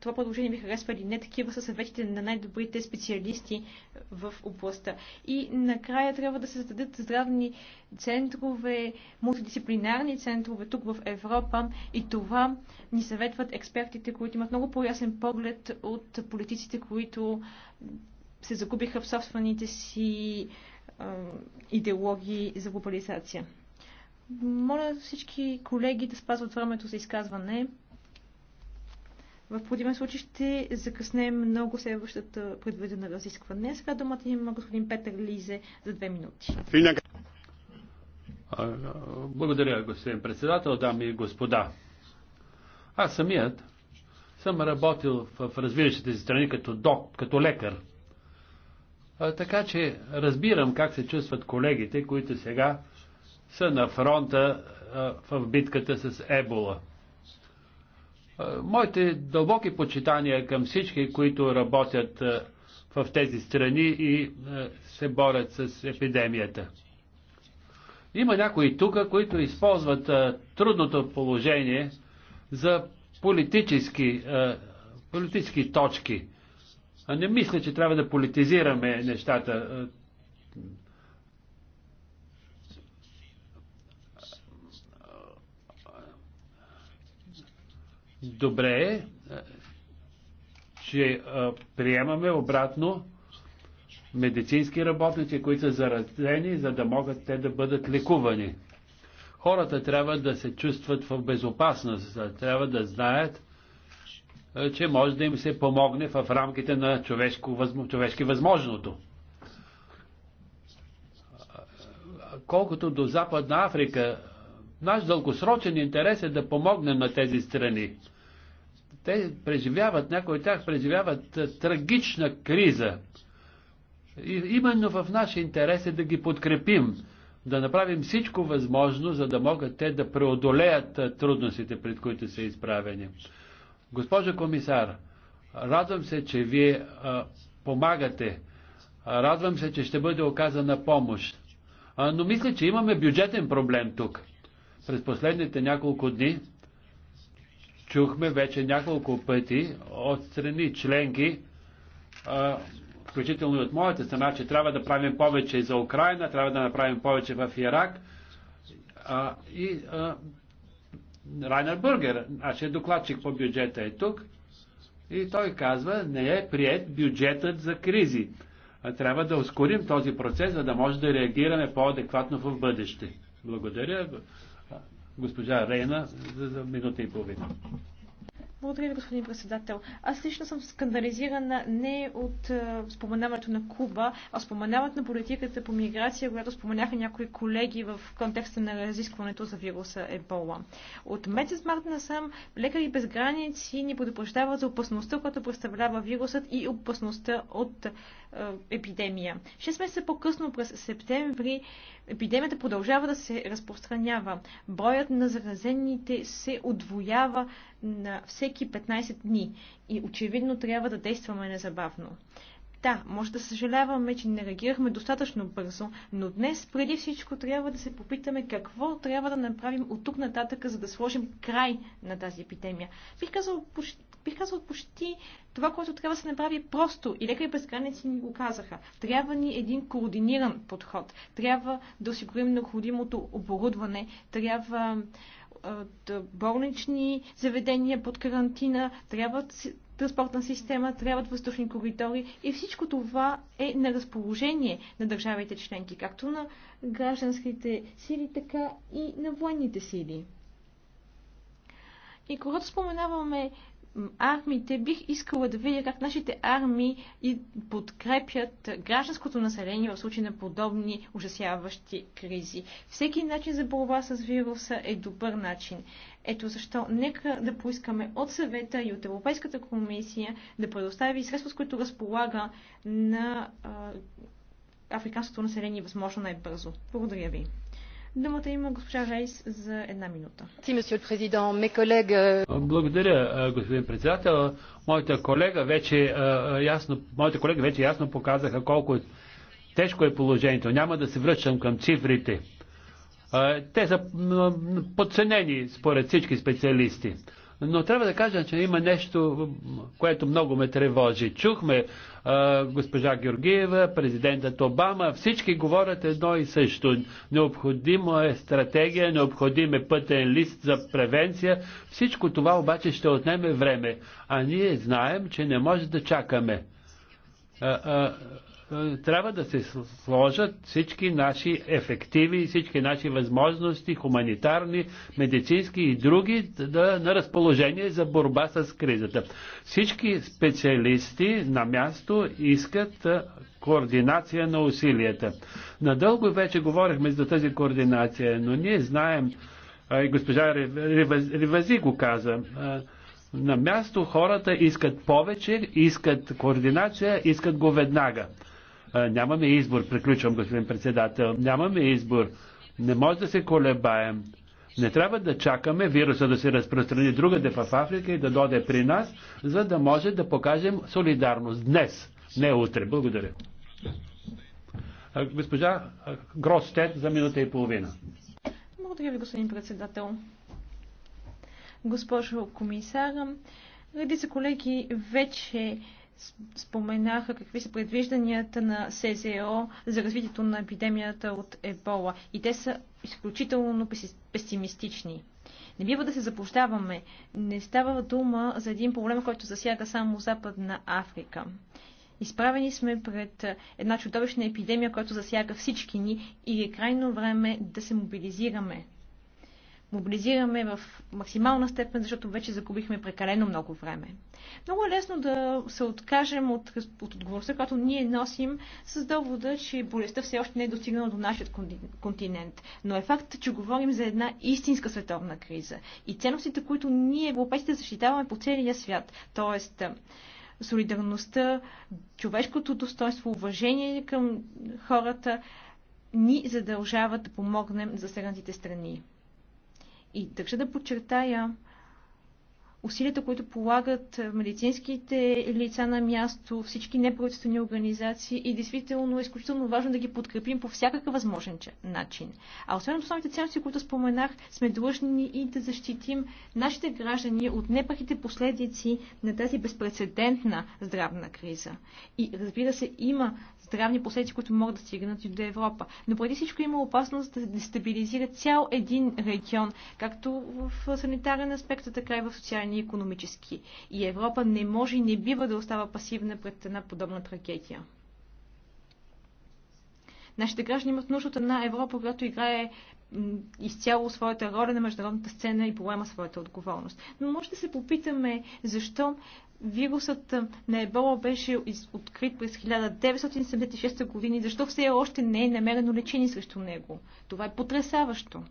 това предложение ви харесва или не, такива са съветите на най-добрите специалисти в областта. И накрая трябва да се създадат здравни центрове, мултидисциплинарни центрове тук в Европа и това ни съветват експертите, които имат много по-ясен поглед от политиците, които се загубиха в собствените си идеологии за глобализация. Моля всички колеги да спазват времето за изказване. В противен случай ще закъснем много следващата предвидена разискване. Сега думата има господин Петър Лизе за две минути. Благодаря, господин председател, дами и господа. Аз самият съм работил в развиващите се страни като док, като лекар. А, така че разбирам как се чувстват колегите, които сега са на фронта в битката с Ебола. Моите дълбоки почитания към всички, които работят в тези страни и се борят с епидемията. Има някои тук, които използват трудното положение за политически, политически точки. Не мисля, че трябва да политизираме нещата. Добре е, че приемаме обратно медицински работници, които са заразени, за да могат те да бъдат лекувани. Хората трябва да се чувстват в безопасност, трябва да знаят, че може да им се помогне в рамките на човешко, човешки възможното. Колкото до Западна Африка, наш дългосрочен интерес е да помогнем на тези страни. Те преживяват, някои от тях преживяват е, трагична криза. И именно в наш интерес е да ги подкрепим, да направим всичко възможно, за да могат те да преодолеят е, трудностите, пред които са изправени. Госпожо комисар, радвам се, че вие а, е, помагате. Радвам се, че ще бъде оказана помощ. А, но мисля, че имаме бюджетен проблем тук. През последните няколко дни чухме вече няколко пъти от страни членки, включително и от моята страна, че трябва да правим повече за Украина, трябва да направим повече в Ирак. И Райнер Бъргер, нашия докладчик по бюджета е тук. И той казва, не е прият бюджетът за кризи. Трябва да ускорим този процес, за да може да реагираме по-адекватно в бъдеще. Благодаря госпожа Рейна за, за минута и половина. Благодаря ви, господин председател. Аз лично съм скандализирана не от е, споменаването на Куба, а споменаването на политиката по миграция, която споменаха някои колеги в контекста на разискването за вируса Ебола. От месец март насам лекари без граници ни предупреждават за опасността, която представлява вирусът и опасността от е, епидемия. Шест месеца по-късно, през септември, епидемията продължава да се разпространява. Броят на заразените се отвоява на всеки 15 дни и очевидно трябва да действаме незабавно. Да, може да съжаляваме, че не реагирахме достатъчно бързо, но днес преди всичко трябва да се попитаме какво трябва да направим от тук нататък, за да сложим край на тази епидемия. Бих казал почти бих казал почти това, което трябва да се направи просто. И лекари без граници ни го казаха. Трябва ни един координиран подход. Трябва да осигурим необходимото оборудване. Трябва болнични заведения под карантина, трябва транспортна система, трябват въздушни коридори и всичко това е на разположение на държавите членки, както на гражданските сили, така и на военните сили. И когато споменаваме армиите, бих искала да видя как нашите армии и подкрепят гражданското население в случай на подобни ужасяващи кризи. Всеки начин за борба с вируса е добър начин. Ето защо нека да поискаме от съвета и от Европейската комисия да предостави средства, с които разполага на африканското население възможно най-бързо. Благодаря ви. Думата има госпожа Рейс за една минута. Благодаря, господин председател. Моята колега вече ясно, моята колега вече ясно показаха колко тежко е положението. Няма да се връщам към цифрите. Те са подценени според всички специалисти. Но трябва да кажа, че има нещо, което много ме тревожи. Чухме а, госпожа Георгиева, президентът Обама, всички говорят едно и също. Необходимо е стратегия, необходим е пътен лист за превенция. Всичко това обаче ще отнеме време. А ние знаем, че не може да чакаме. А, а, трябва да се сложат всички наши ефективи, всички наши възможности, хуманитарни, медицински и други, да, на разположение за борба с кризата. Всички специалисти на място искат координация на усилията. Надълго вече говорихме за тази координация, но ние знаем, и госпожа Ривази го каза, на място хората искат повече, искат координация, искат го веднага. Нямаме избор, приключвам, господин председател. Нямаме избор. Не може да се колебаем. Не трябва да чакаме вируса да се разпространи другаде в Африка и да доде при нас, за да може да покажем солидарност днес, не утре. Благодаря. Госпожа Гростет за минута и половина. Благодаря ви, господин председател. Госпожо комисар, редица колеги вече споменаха какви са предвижданията на СЗО за развитието на епидемията от ебола. И те са изключително песимистични. Не бива да се заблуждаваме. Не става дума за един проблем, който засяга само Западна Африка. Изправени сме пред една чудовищна епидемия, която засяга всички ни и е крайно време да се мобилизираме мобилизираме в максимална степен, защото вече загубихме прекалено много време. Много е лесно да се откажем от, от отговорността, която ние носим с довода, че болестта все още не е достигнала до нашия континент. Но е факт, че говорим за една истинска световна криза и ценностите, които ние, европейците, защитаваме по целия свят, т.е. солидарността, човешкото достоинство, уважение към хората, ни задължават да помогнем за засегнатите страни. И държа да подчертая усилията, които полагат медицинските лица на място, всички неправителствени организации и действително е изключително важно да ги подкрепим по всякакъв възможен начин. А освен основните ценности, които споменах, сме длъжни и да защитим нашите граждани от непахите последици на тази безпредседентна здравна криза. И разбира се, има здравни последици, които могат да стигнат и до Европа. Но преди всичко има опасност да дестабилизира цял един регион, както в санитарен аспект, така и в социални и економически. И Европа не може и не бива да остава пасивна пред една подобна трагедия. Нашите граждани имат нужда от една Европа, която играе изцяло своята роля на международната сцена и поема своята отговорност. Но може да се попитаме защо вирусът на ебола беше открит през 1976 години, защо все още не е намерено лечение срещу него. Това е потрясаващо.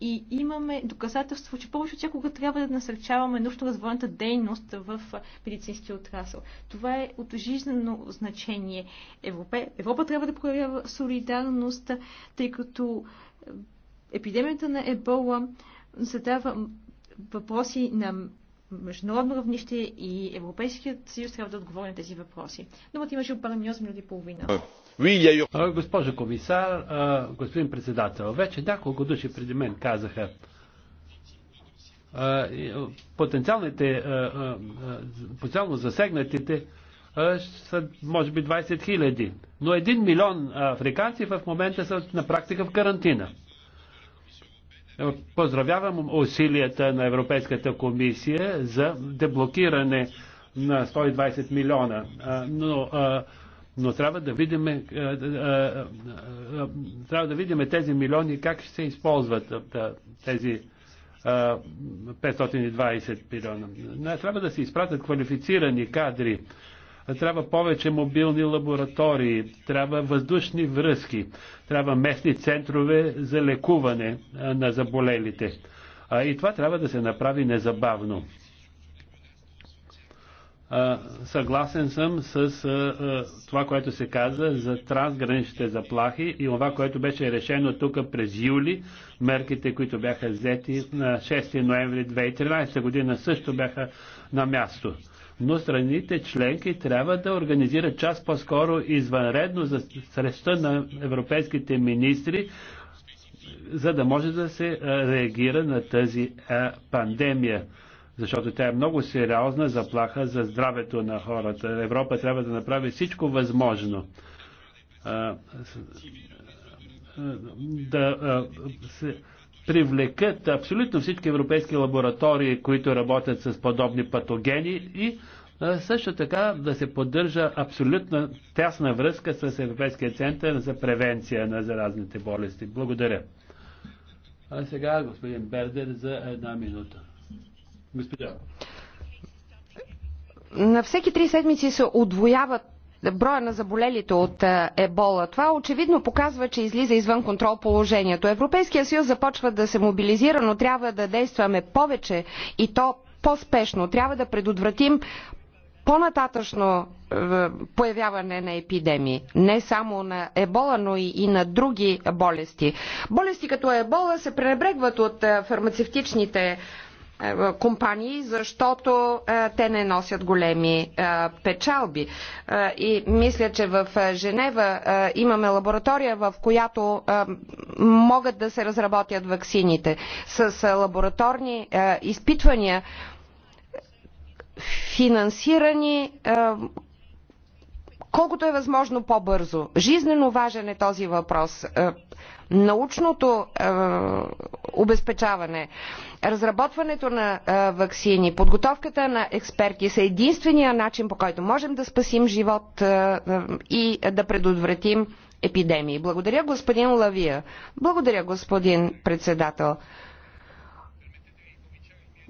И имаме доказателство, че повече от всякога трябва да насърчаваме нужно развойната дейност в медицинския отрасъл. Това е от жизнено значение. Европа, Европа трябва да проявява солидарност, тъй като епидемията на ебола задава въпроси на международно равнище и Европейският съюз трябва да отговори на тези въпроси. но Думата имаше обърнен 8 минути и половина. Госпожо комисар, господин председател, вече няколко души преди мен казаха, потенциалните, потенциално засегнатите са може би 20 хиляди, но 1 милион африканци в момента са на практика в карантина. Поздравявам усилията на Европейската комисия за деблокиране на 120 милиона, но, но трябва да видим трябва да видим тези милиони как ще се използват тези 520 милиона. Трябва да се изпратят квалифицирани кадри трябва повече мобилни лаборатории, трябва въздушни връзки, трябва местни центрове за лекуване на заболелите. И това трябва да се направи незабавно. Съгласен съм с това, което се каза за трансграничните заплахи и това, което беше решено тук през юли. Мерките, които бяха взети на 6 ноември 2013 година, също бяха на място но страните членки трябва да организират част по-скоро извънредно за среща на европейските министри, за да може да се реагира на тази пандемия защото тя е много сериозна заплаха за здравето на хората. Европа трябва да направи всичко възможно да се привлекат абсолютно всички европейски лаборатории, които работят с подобни патогени и също така да се поддържа абсолютно тясна връзка с Европейския център за превенция на заразните болести. Благодаря. А сега господин Бердер за една минута. Господин. На всеки три седмици се отвояват броя на заболелите от е, ебола. Това очевидно показва, че излиза извън контрол положението. Европейския съюз започва да се мобилизира, но трябва да действаме повече и то по-спешно. Трябва да предотвратим по-нататъчно е, появяване на епидемии. Не само на ебола, но и, на други болести. Болести като ебола се пренебрегват от е, фармацевтичните е, компании, защото е, те не носят големи е, печалби. И мисля, че в Женева имаме лаборатория, в която могат да се разработят ваксините. С лабораторни изпитвания финансирани колкото е възможно по-бързо. Жизнено важен е този въпрос научното е, обезпечаване, разработването на е, вакцини, подготовката на експерти са единствения начин по който можем да спасим живот е, е, и да предотвратим епидемии. Благодаря господин Лавия. Благодаря господин председател.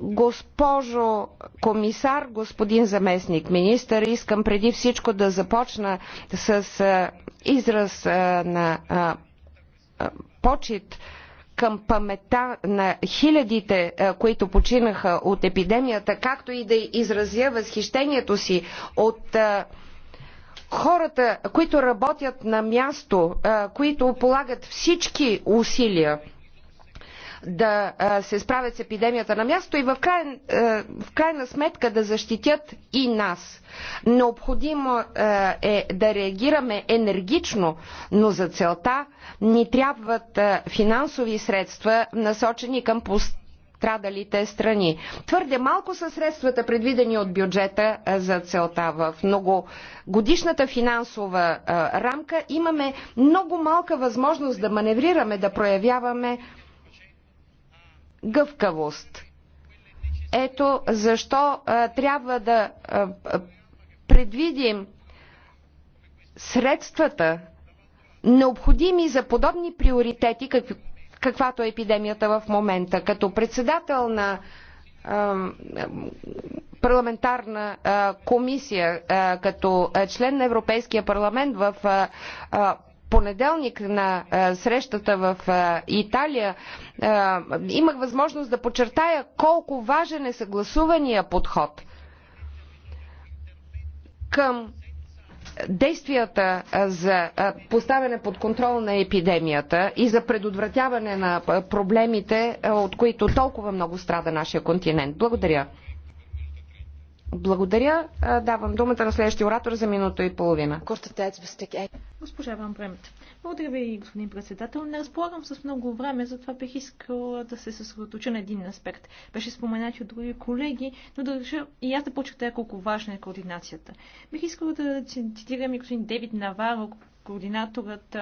Госпожо комисар, господин заместник министър, искам преди всичко да започна с е, израз е, на е, почет към памета на хилядите, които починаха от епидемията, както и да изразя възхищението си от хората, които работят на място, които полагат всички усилия да се справят с епидемията на място и в, край, в крайна сметка да защитят и нас. Необходимо е да реагираме енергично, но за целта ни трябват финансови средства, насочени към пост страдалите страни. Твърде малко са средствата предвидени от бюджета за целта в многогодишната финансова рамка. Имаме много малка възможност да маневрираме, да проявяваме гъвкавост. Ето защо а, трябва да а, предвидим средствата, необходими за подобни приоритети, как, каквато е епидемията в момента. Като председател на а, парламентарна а, комисия, а, като член на Европейския парламент в а, а, понеделник на е, срещата в е, Италия е, имах възможност да подчертая колко важен е съгласувания подход към действията за поставяне под контрол на епидемията и за предотвратяване на проблемите, от които толкова много страда нашия континент. Благодаря. Благодаря. Давам думата на следващия оратор за минута и половина. Е. Госпожа Ван Бремет. Благодаря ви, господин председател. Не разполагам с много време, затова бих искала да се съсредоточа на един аспект. Беше споменати от други колеги, но да реша и аз да почетая колко важна е координацията. Бих искала да цитирам и господин Девид Наваро, координаторът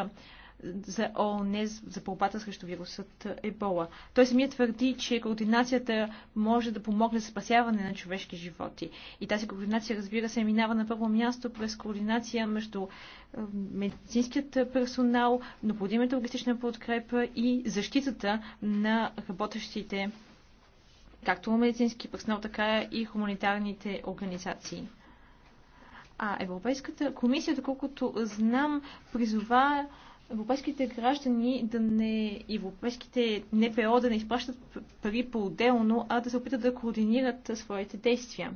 за ООН за борбата срещу вирусът Ебола. Той самия твърди, че координацията може да помогне за спасяване на човешки животи. И тази координация, разбира се, минава на първо място през координация между медицинският персонал, необходимата логистична подкрепа и защитата на работещите както медицински персонал, така и хуманитарните организации. А Европейската комисия, доколкото знам, призова европейските граждани да не, европейските НПО да не изплащат пари по-отделно, а да се опитат да координират своите действия.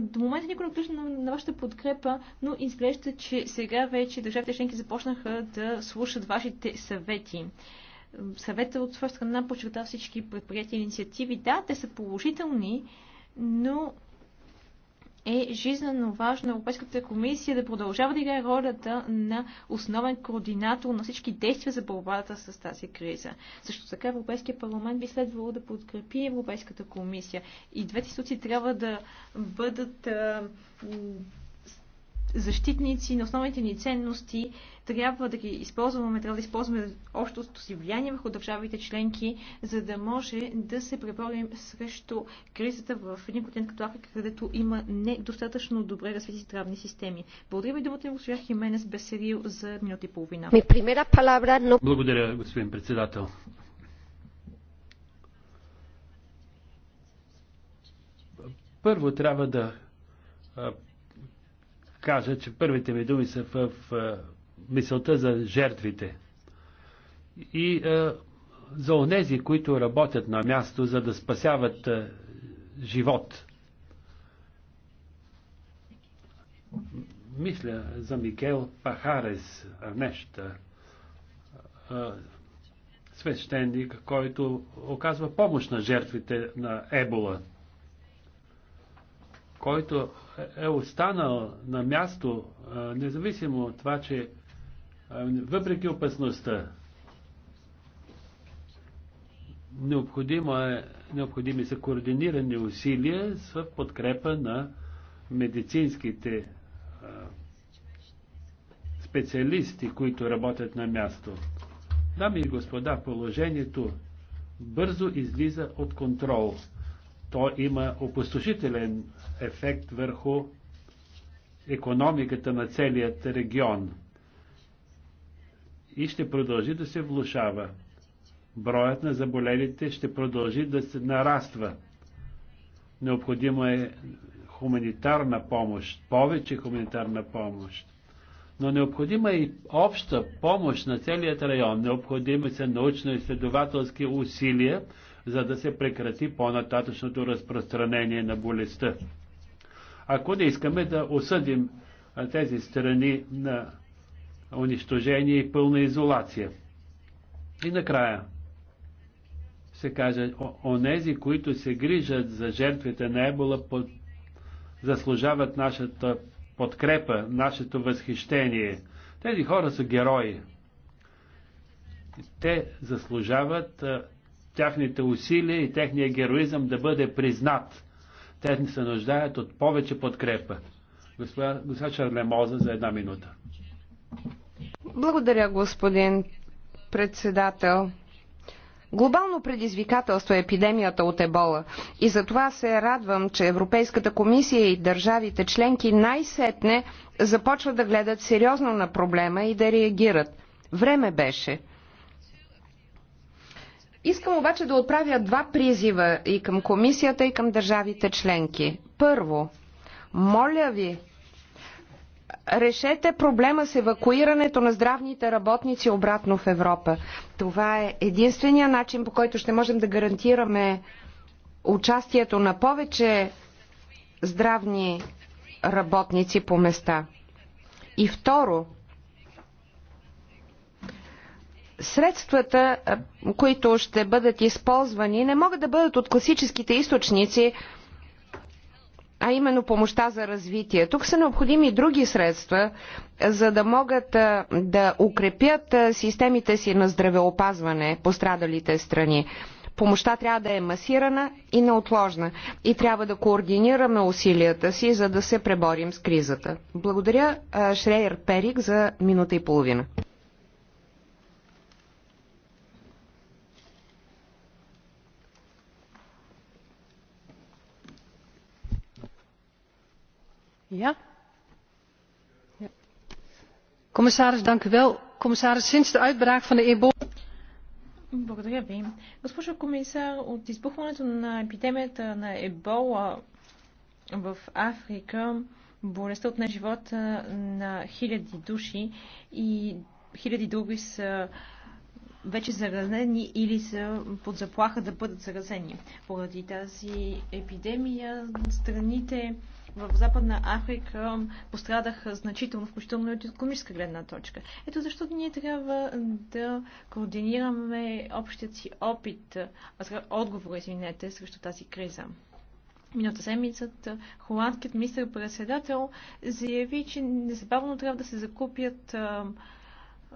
До момента никой не обръща на вашата подкрепа, но изглежда, че сега вече държавите членки започнаха да слушат вашите съвети. Съвета от своя страна подчерта всички предприятия и инициативи. Да, те са положителни, но е жизненно важно Европейската комисия да продължава да играе ролята на основен координатор на всички действия за борбата с тази криза. Също така Европейския парламент би следвало да подкрепи Европейската комисия и двете институции трябва да бъдат защитници на основните ни ценности, трябва да ги използваме, трябва да използваме общото си влияние върху държавите членки, за да може да се преборим срещу кризата в един континент като Африка, където има недостатъчно добре развити здравни системи. Благодаря ви думата на госпожа Хименес Бесерил за минути и половина. Благодаря, господин председател. Първо трябва да кажа, че първите ми думи са в мисълта за жертвите и за онези, които работят на място, за да спасяват живот. Мисля за Микел Пахарес Арнеща, свещеник, който оказва помощ на жертвите на Ебола, който е останал на място, независимо от това, че въпреки опасността, необходимо е, необходими са координирани усилия с подкрепа на медицинските специалисти, които работят на място. Дами и господа, положението бързо излиза от контрол. То има опустошителен ефект върху економиката на целият регион и ще продължи да се влушава. Броят на заболелите ще продължи да се нараства. Необходимо е хуманитарна помощ, повече хуманитарна помощ. Но необходима е и обща помощ на целият район. Необходими са научно-изследователски усилия, за да се прекрати по-нататъчното разпространение на болестта. Ако не искаме да осъдим тези страни на унищожение и пълна изолация. И накрая се каже, онези, които се грижат за жертвите на ебола, под... заслужават нашата подкрепа, нашето възхищение. Тези хора са герои. Те заслужават тяхните усилия и техния героизъм да бъде признат. Те се нуждаят от повече подкрепа. Госпожа, Чарлемоза за една минута. Благодаря, господин председател. Глобално предизвикателство е епидемията от ебола и затова се радвам, че Европейската комисия и държавите членки най-сетне започват да гледат сериозно на проблема и да реагират. Време беше – Искам обаче да отправя два призива и към комисията, и към държавите членки. Първо, моля ви, решете проблема с евакуирането на здравните работници обратно в Европа. Това е единствения начин, по който ще можем да гарантираме участието на повече здравни работници по места. И второ, средствата, които ще бъдат използвани, не могат да бъдат от класическите източници, а именно помощта за развитие. Тук са необходими други средства, за да могат да укрепят системите си на здравеопазване пострадалите страни. Помощта трябва да е масирана и неотложна и трябва да координираме усилията си, за да се преборим с кризата. Благодаря Шрейер Перик за минута и половина. Благодаря ви. Госпожо комисар, от избухването на епидемията на ебола в Африка, болестта отне живота на хиляди души и хиляди други са вече заразени или са под заплаха да бъдат заразени. Поради тази епидемия страните в Западна Африка пострадаха значително, включително и от економическа гледна точка. Ето защо ние трябва да координираме общият си опит, отговор, извинете, срещу тази криза. Миналата седмица холандският министър-председател заяви, че незабавно трябва да се закупят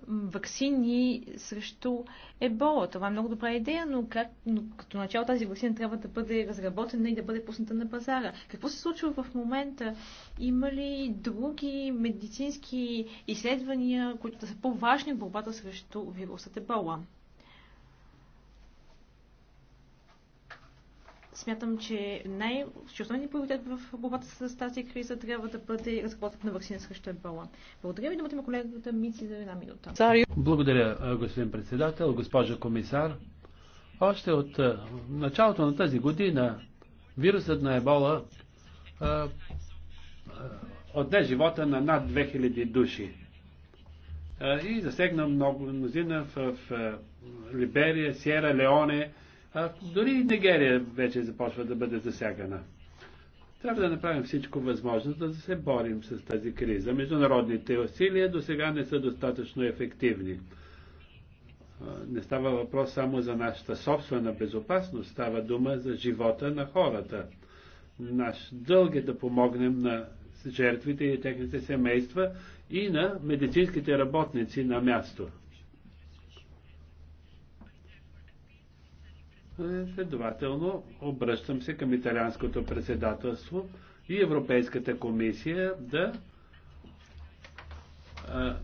вакцини срещу ебола. Това е много добра идея, но, как, но като начало тази вакцина трябва да бъде разработена и да бъде пусната на пазара. Какво се случва в момента? Има ли други медицински изследвания, които да са по-важни в борбата срещу вирусът ебола? смятам, че най основният приоритет в борбата с тази криза трябва да бъде разработката на вакцина срещу ебола. Благодаря ви, думата има колегата Мици за една минута. Благодаря, господин председател, госпожа комисар. Още от началото на тази година вирусът на ебола а, отне живота на над 2000 души. и засегна много мнозина в, в Либерия, Сиера Леоне, а, дори и Нигерия вече започва да бъде засягана. Трябва да направим всичко възможно да се борим с тази криза. Международните усилия до сега не са достатъчно ефективни. Не става въпрос само за нашата собствена безопасност, става дума за живота на хората. Наш дълг е да помогнем на жертвите и техните семейства и на медицинските работници на място. Следователно, обръщам се към италианското председателство и Европейската комисия да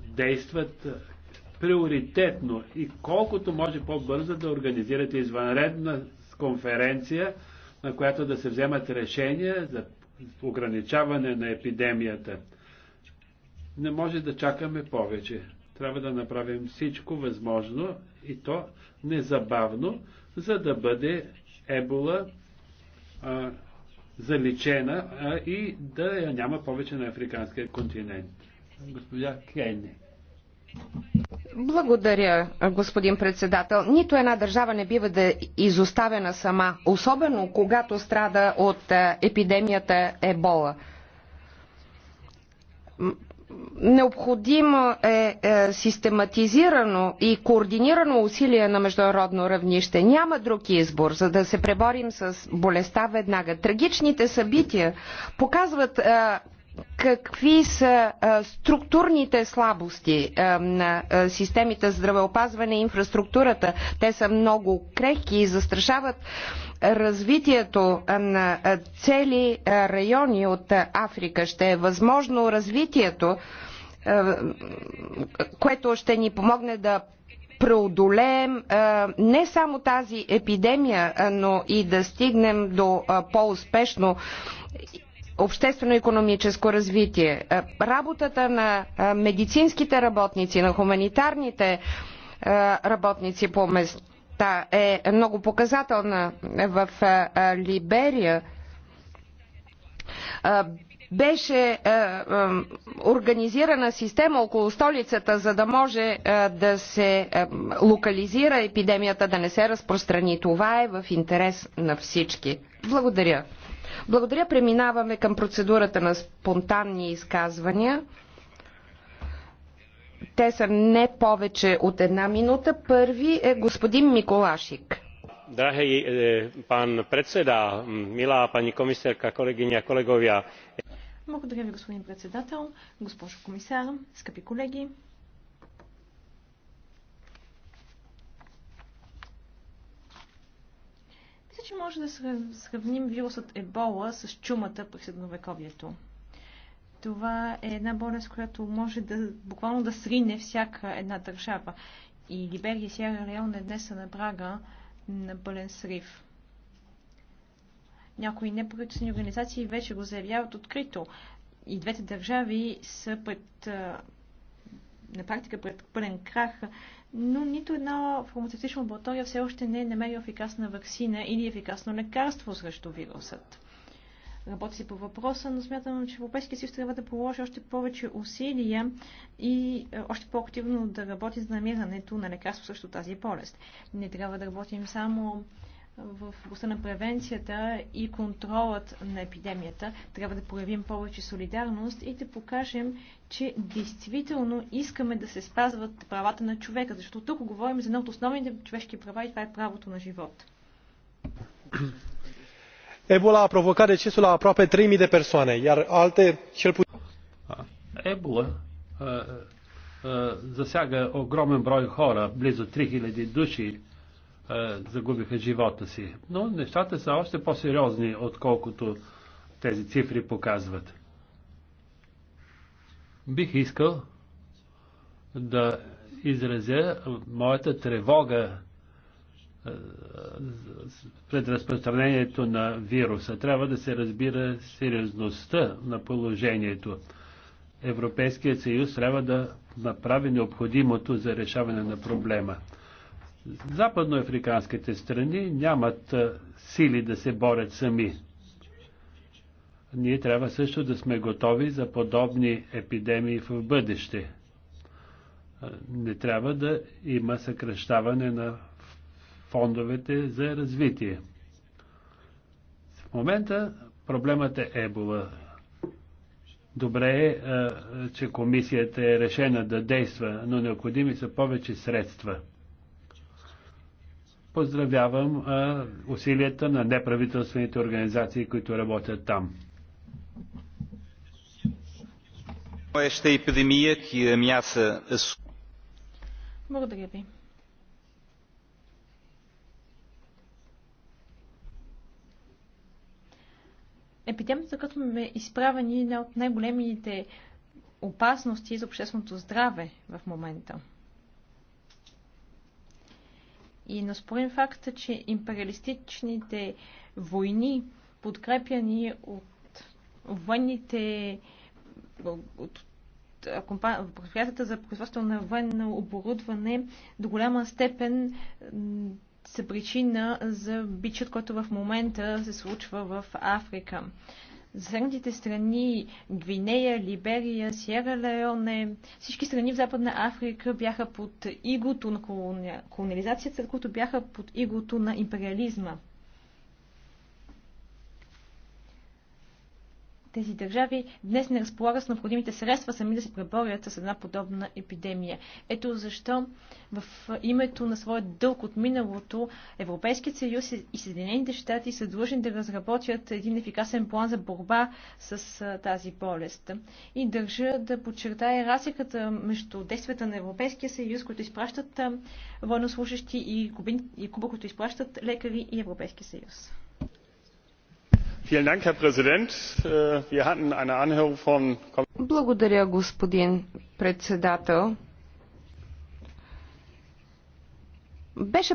действат приоритетно и колкото може по-бързо да организирате извънредна конференция, на която да се вземат решения за ограничаване на епидемията. Не може да чакаме повече. Трябва да направим всичко възможно и то незабавно, за да бъде ебола а, заличена а, и да я няма повече на африканския континент. Госпожа Кенни. Благодаря, господин председател. Нито една държава не бива да е изоставена сама, особено когато страда от епидемията Ебола Необходимо е, е систематизирано и координирано усилие на международно равнище. Няма друг избор, за да се преборим с болестта веднага. Трагичните събития показват е, какви са структурните слабости на системите здравеопазване и инфраструктурата. Те са много крехки и застрашават развитието на цели райони от Африка. Ще е възможно развитието, което ще ни помогне да преодолеем не само тази епидемия, но и да стигнем до по-успешно обществено-економическо развитие, е, работата на е, медицинските работници, на хуманитарните е, работници по места е много показателна в Либерия. Беше организирана система около столицата, за да може да се локализира епидемията, да не се разпространи. Това е в интерес на всички. Благодаря. Благодаря. Преминаваме към процедурата на спонтанни изказвания. Те са не повече от една минута. Първи е господин Миколашик. Drahý pán predseda, milá pani komisárka, kolegyne kolegovia. Благодаря ви, господин председател, госпожо комисар, скъпи колеги. че може да сравним вирусът Ебола с чумата при средновековието. Това е една болест, която може да буквално да срине всяка една държава. И Либерия и Сиера Леоне днес са на прага на пълен срив. Някои неправителствени организации вече го заявяват открито. И двете държави са пред, на практика пред пълен крах но нито една фармацевтична лаборатория все още не е намерила ефикасна вакцина или ефикасно лекарство срещу вирусът. Работи се по въпроса, но смятам, че Европейския съюз трябва да положи още повече усилия и е, още по-активно да работи за намирането на лекарство срещу тази болест. Не трябва да работим само в областта на превенцията и контролът на епидемията. Трябва да проявим повече солидарност и да покажем, че действително искаме да се спазват правата на човека, защото тук говорим за едно от основните човешки права и това е правото на живот. Ebola a provocat decesul a aproape 3.000 de persoane, iar alte cel puțin... Ebola засяга огромен брой хора, близо 3000 души, загубиха живота си. Но нещата са още по-сериозни, отколкото тези цифри показват. Бих искал да изразя моята тревога пред разпространението на вируса. Трябва да се разбира сериозността на положението. Европейският съюз трябва да направи необходимото за решаване на проблема. Западноафриканските страни нямат сили да се борят сами. Ние трябва също да сме готови за подобни епидемии в бъдеще. Не трябва да има съкръщаване на фондовете за развитие. В момента проблемът е ебола. Добре е, че комисията е решена да действа, но необходими са повече средства. Поздравявам а, усилията на неправителствените организации, които работят там. Е е Благодаря ви. Епидемията, като сме изправени, е една от най-големите опасности за общественото здраве в момента. И наспорим факта, че империалистичните войни, подкрепяни от военните от предприятията за производство на военно оборудване до голяма степен са причина за бичът, който в момента се случва в Африка. Засегнатите страни Гвинея, Либерия, Сиера Леоне, всички страни в Западна Африка бяха под игото на колониализацията, които бяха под игото на империализма. тези държави днес не разполагат с необходимите средства сами да се преборят с една подобна епидемия. Ето защо в името на своя дълг от миналото Европейският съюз и Съединените щати са длъжни да разработят един ефикасен план за борба с тази болест. И държа да подчертая разликата между действията на Европейския съюз, които изпращат военнослужащи и, кубин, и Куба, които изпращат лекари и Европейския съюз. Äh, Благодаря, господин председател. Беше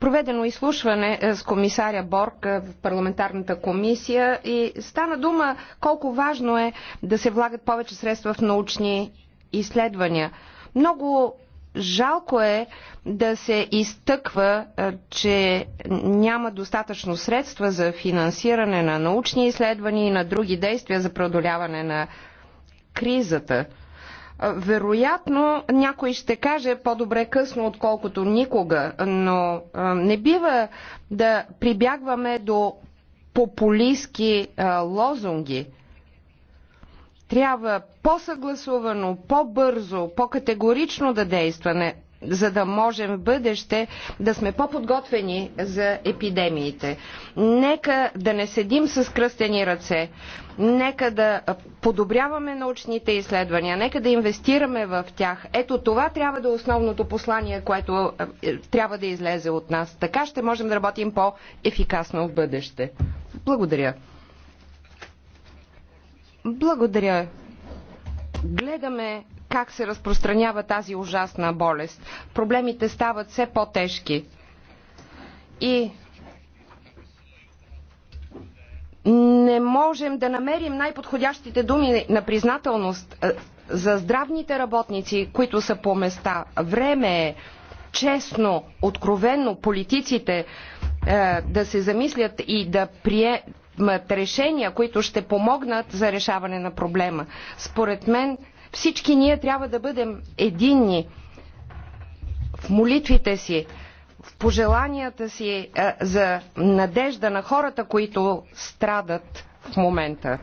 проведено изслушване е, с комисаря Борг е, в парламентарната комисия и стана дума колко важно е да се влагат повече средства в научни изследвания. Много Жалко е да се изтъква, е, че няма достатъчно средства за финансиране на научни изследвания и на други действия за преодоляване на кризата. Е, вероятно, някой ще каже по-добре късно, отколкото никога, но е, не бива да прибягваме до популистски лозунги трябва по-съгласувано, по-бързо, по-категорично да действаме, за да можем в бъдеще да сме по-подготвени за епидемиите. Нека да не седим с кръстени ръце, нека да подобряваме научните изследвания, нека да инвестираме в тях. Ето това трябва да е основното послание, което е, трябва да излезе от нас. Така ще можем да работим по-ефикасно в бъдеще. Благодаря. Благодаря. Гледаме как се разпространява тази ужасна болест. Проблемите стават все по-тежки. И не можем да намерим най-подходящите думи на признателност е, за здравните работници, които са по места. Време е честно, откровенно политиците е, да се замислят и да прие, решения, които ще помогнат за решаване на проблема. Според мен всички ние трябва да бъдем единни в молитвите си, в пожеланията си е, за надежда на хората, които страдат в момента.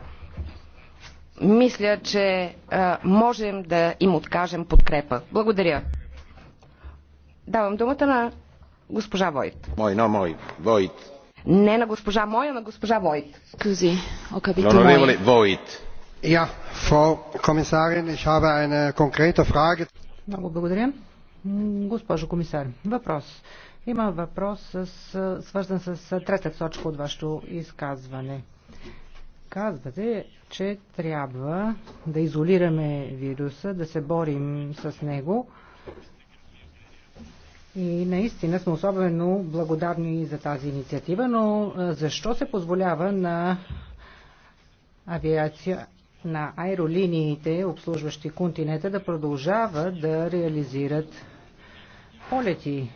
Мисля, че е, можем да им откажем подкрепа. Благодаря. Давам думата на госпожа Войт. Мой, но мой. Войт. Не на госпожа моя, на госпожа Войт. Кузи, L'onorevole Войт. Ja, Frau Kommissarin, ich habe eine konkrete Frage. Много благодаря. Госпожо комисар, въпрос. Има въпрос с, свързан с трета точка от вашето изказване. Казвате, че трябва да изолираме вируса, да се борим с него и наистина сме особено благодарни за тази инициатива, но защо се позволява на авиация, на аеролиниите, обслужващи континента, да продължават да реализират полети?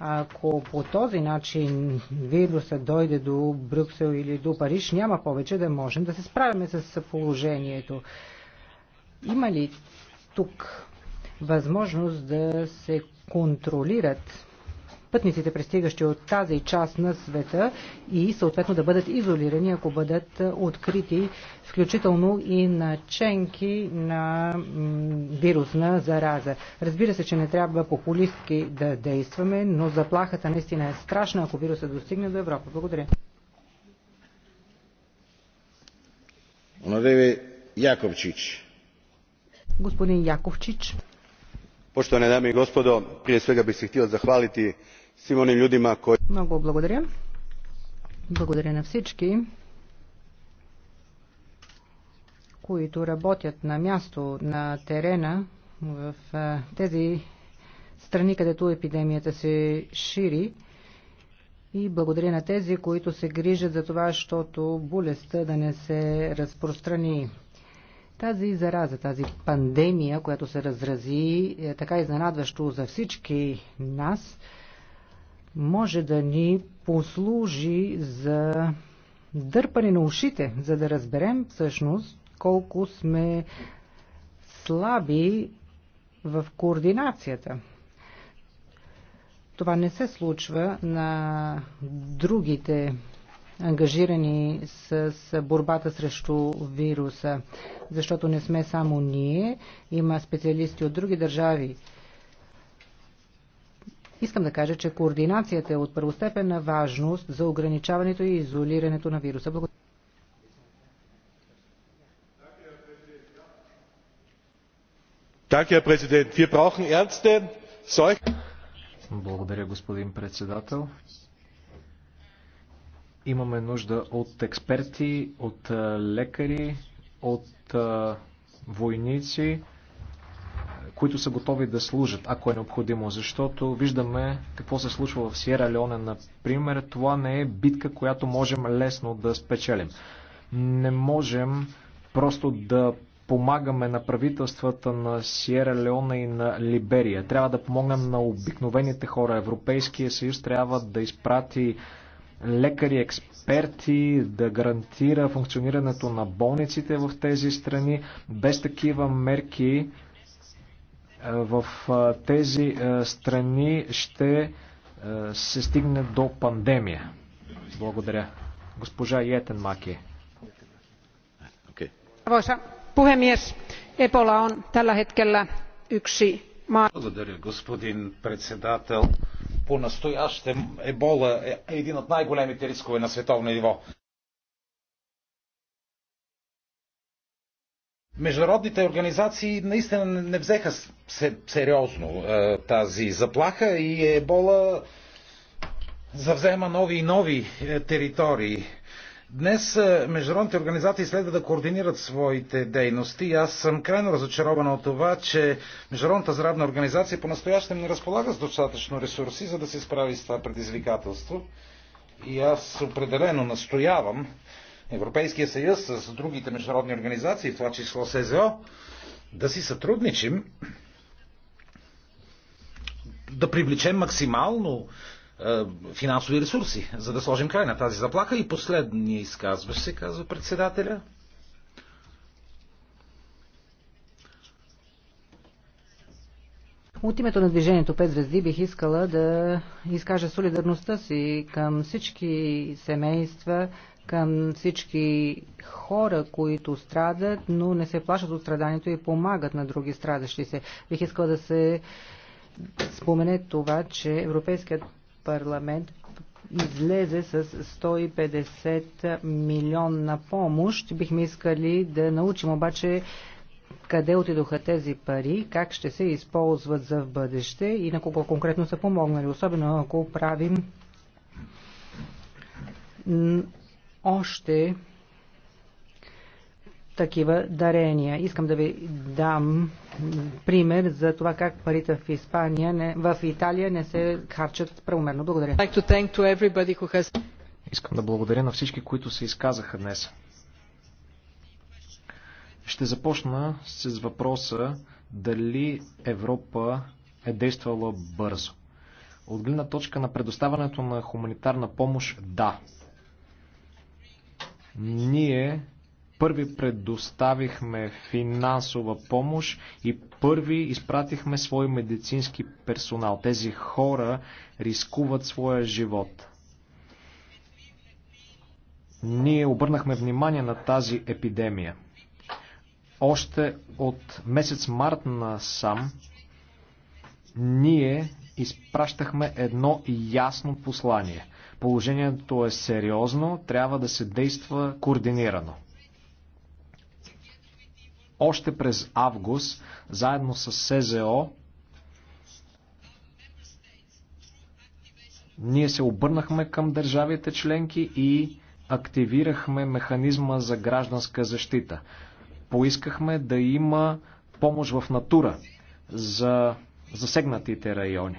Ако по този начин вируса дойде до Брюксел или до Париж, няма повече да можем да се справяме с положението. Има ли тук възможност да се контролират пътниците, пристигащи от тази част на света и съответно да бъдат изолирани, ако бъдат открити, включително и наченки на вирусна зараза. Разбира се, че не трябва популистки да действаме, но заплахата наистина е страшна, ако вируса достигне до Европа. Благодаря. Господин Яковчич poštovane dame i gospodo prije svega bih se htio zahvaliti svim onim ljudima koji. много благодаря. Благодаря на всички, които работят на място, на терена, в тези страни, където епидемията се шири. И благодаря на тези, които се грижат за това, защото болестта да не се разпространи. Тази зараза, тази пандемия, която се разрази е така изненадващо за всички нас, може да ни послужи за дърпане на ушите, за да разберем всъщност колко сме слаби в координацията. Това не се случва на другите ангажирани с борбата срещу вируса, защото не сме само ние, има специалисти от други държави. Искам да кажа, че координацията е от първостепенна важност за ограничаването и изолирането на вируса. Благодаря. Благодаря, господин председател. Имаме нужда от експерти, от лекари, от войници, които са готови да служат, ако е необходимо. Защото виждаме какво се случва в Сиера Леоне, например. Това не е битка, която можем лесно да спечелим. Не можем просто да помагаме на правителствата на Сиера Леона и на Либерия. Трябва да помогнем на обикновените хора. Европейския съюз трябва да изпрати лекари, експерти, да гарантира функционирането на болниците в тези страни. Без такива мерки е, в е, тези е, страни ще се стигне до пандемия. Благодаря. Госпожа Йетен Маки. Arvoisa puhemies, Ebola on tällä hetkellä yksi maa... Благодаря, господин председател по-настоящем ебола е, е един от най-големите рискове на световно ниво. Международните организации наистина не взеха сериозно е, тази заплаха и ебола завзема нови и нови е, територии. Днес е, международните организации следва да координират своите дейности и аз съм крайно разочарована от това, че Международната здравна организация по-настоящем не разполага с достатъчно ресурси, за да се справи с това предизвикателство. И аз определено настоявам Европейския съюз с другите международни организации, в това число СЗО, да си сътрудничим, да привлечем максимално е, финансови ресурси, за да сложим край на тази заплаха. И последния изказваш се, казва председателя. От името на движението 5 звезди бих искала да изкажа солидарността си към всички семейства, към всички хора, които страдат, но не се плашат от страданието и помагат на други страдащи се. Бих искала да се спомене това, че Европейският парламент излезе с 150 милионна помощ. Бихме искали да научим обаче къде отидоха тези пари, как ще се използват за в бъдеще и на кого конкретно са помогнали, особено ако правим още такива дарения. Искам да ви дам пример за това как парите в Испания, не, в Италия не се харчат правомерно. Благодаря. Искам да благодаря на всички, които се изказаха днес. Ще започна с въпроса дали Европа е действала бързо. От гледна точка на предоставането на хуманитарна помощ, да. Ние първи предоставихме финансова помощ и първи изпратихме свой медицински персонал. Тези хора рискуват своя живот. Ние обърнахме внимание на тази епидемия. Още от месец март на сам ние изпращахме едно ясно послание. Положението е сериозно, трябва да се действа координирано. Още през август, заедно с СЗО, ние се обърнахме към държавите членки и активирахме механизма за гражданска защита. Поискахме да има помощ в натура за засегнатите райони.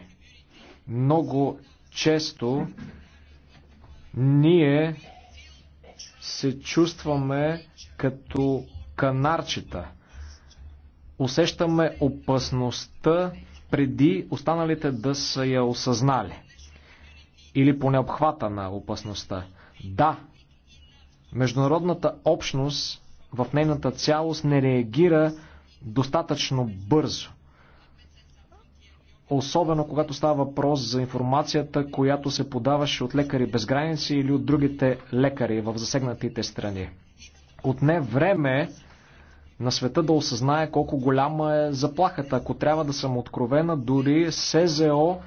Много често ние се чувстваме като канарчета. Усещаме опасността преди останалите да са я осъзнали. Или поне обхвата на опасността. Да, международната общност в нейната цялост не реагира достатъчно бързо. Особено когато става въпрос за информацията, която се подаваше от лекари без граници или от другите лекари в засегнатите страни. Отне време на света да осъзнае колко голяма е заплахата. Ако трябва да съм откровена, дори СЗО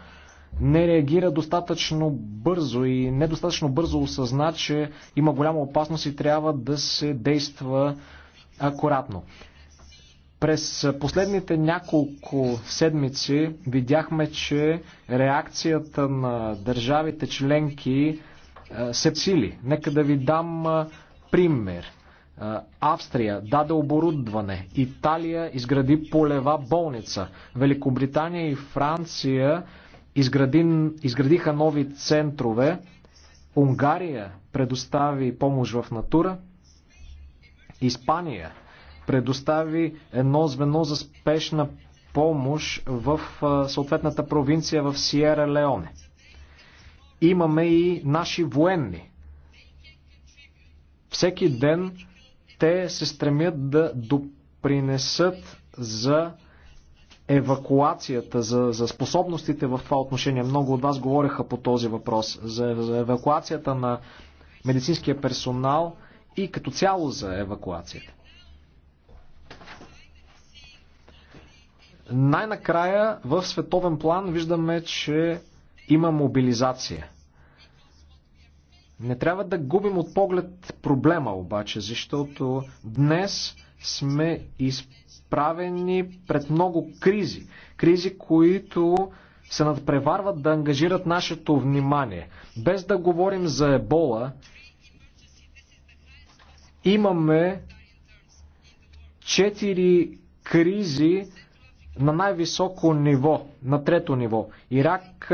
не реагира достатъчно бързо и недостатъчно бързо осъзна, че има голяма опасност и трябва да се действа акуратно. През последните няколко седмици видяхме, че реакцията на държавите членки е, се цили. Нека да ви дам е, пример. Е, Австрия даде оборудване, Италия изгради полева болница, Великобритания и Франция изгради, изградиха нови центрове, Унгария предостави помощ в натура, Испания предостави едно звено за спешна помощ в е, съответната провинция в Сиера Леоне. Имаме и наши военни. Всеки ден те се стремят да допринесат за евакуацията, за, за способностите в това отношение. Много от вас говореха по този въпрос. За, за евакуацията на медицинския персонал и като цяло за евакуацията. Най-накрая в световен план виждаме, че има мобилизация – не трябва да губим от поглед проблема обаче, защото днес сме изправени пред много кризи. Кризи, които се надпреварват да ангажират нашето внимание. Без да говорим за ебола, имаме четири кризи на най-високо ниво, на трето ниво. Ирак,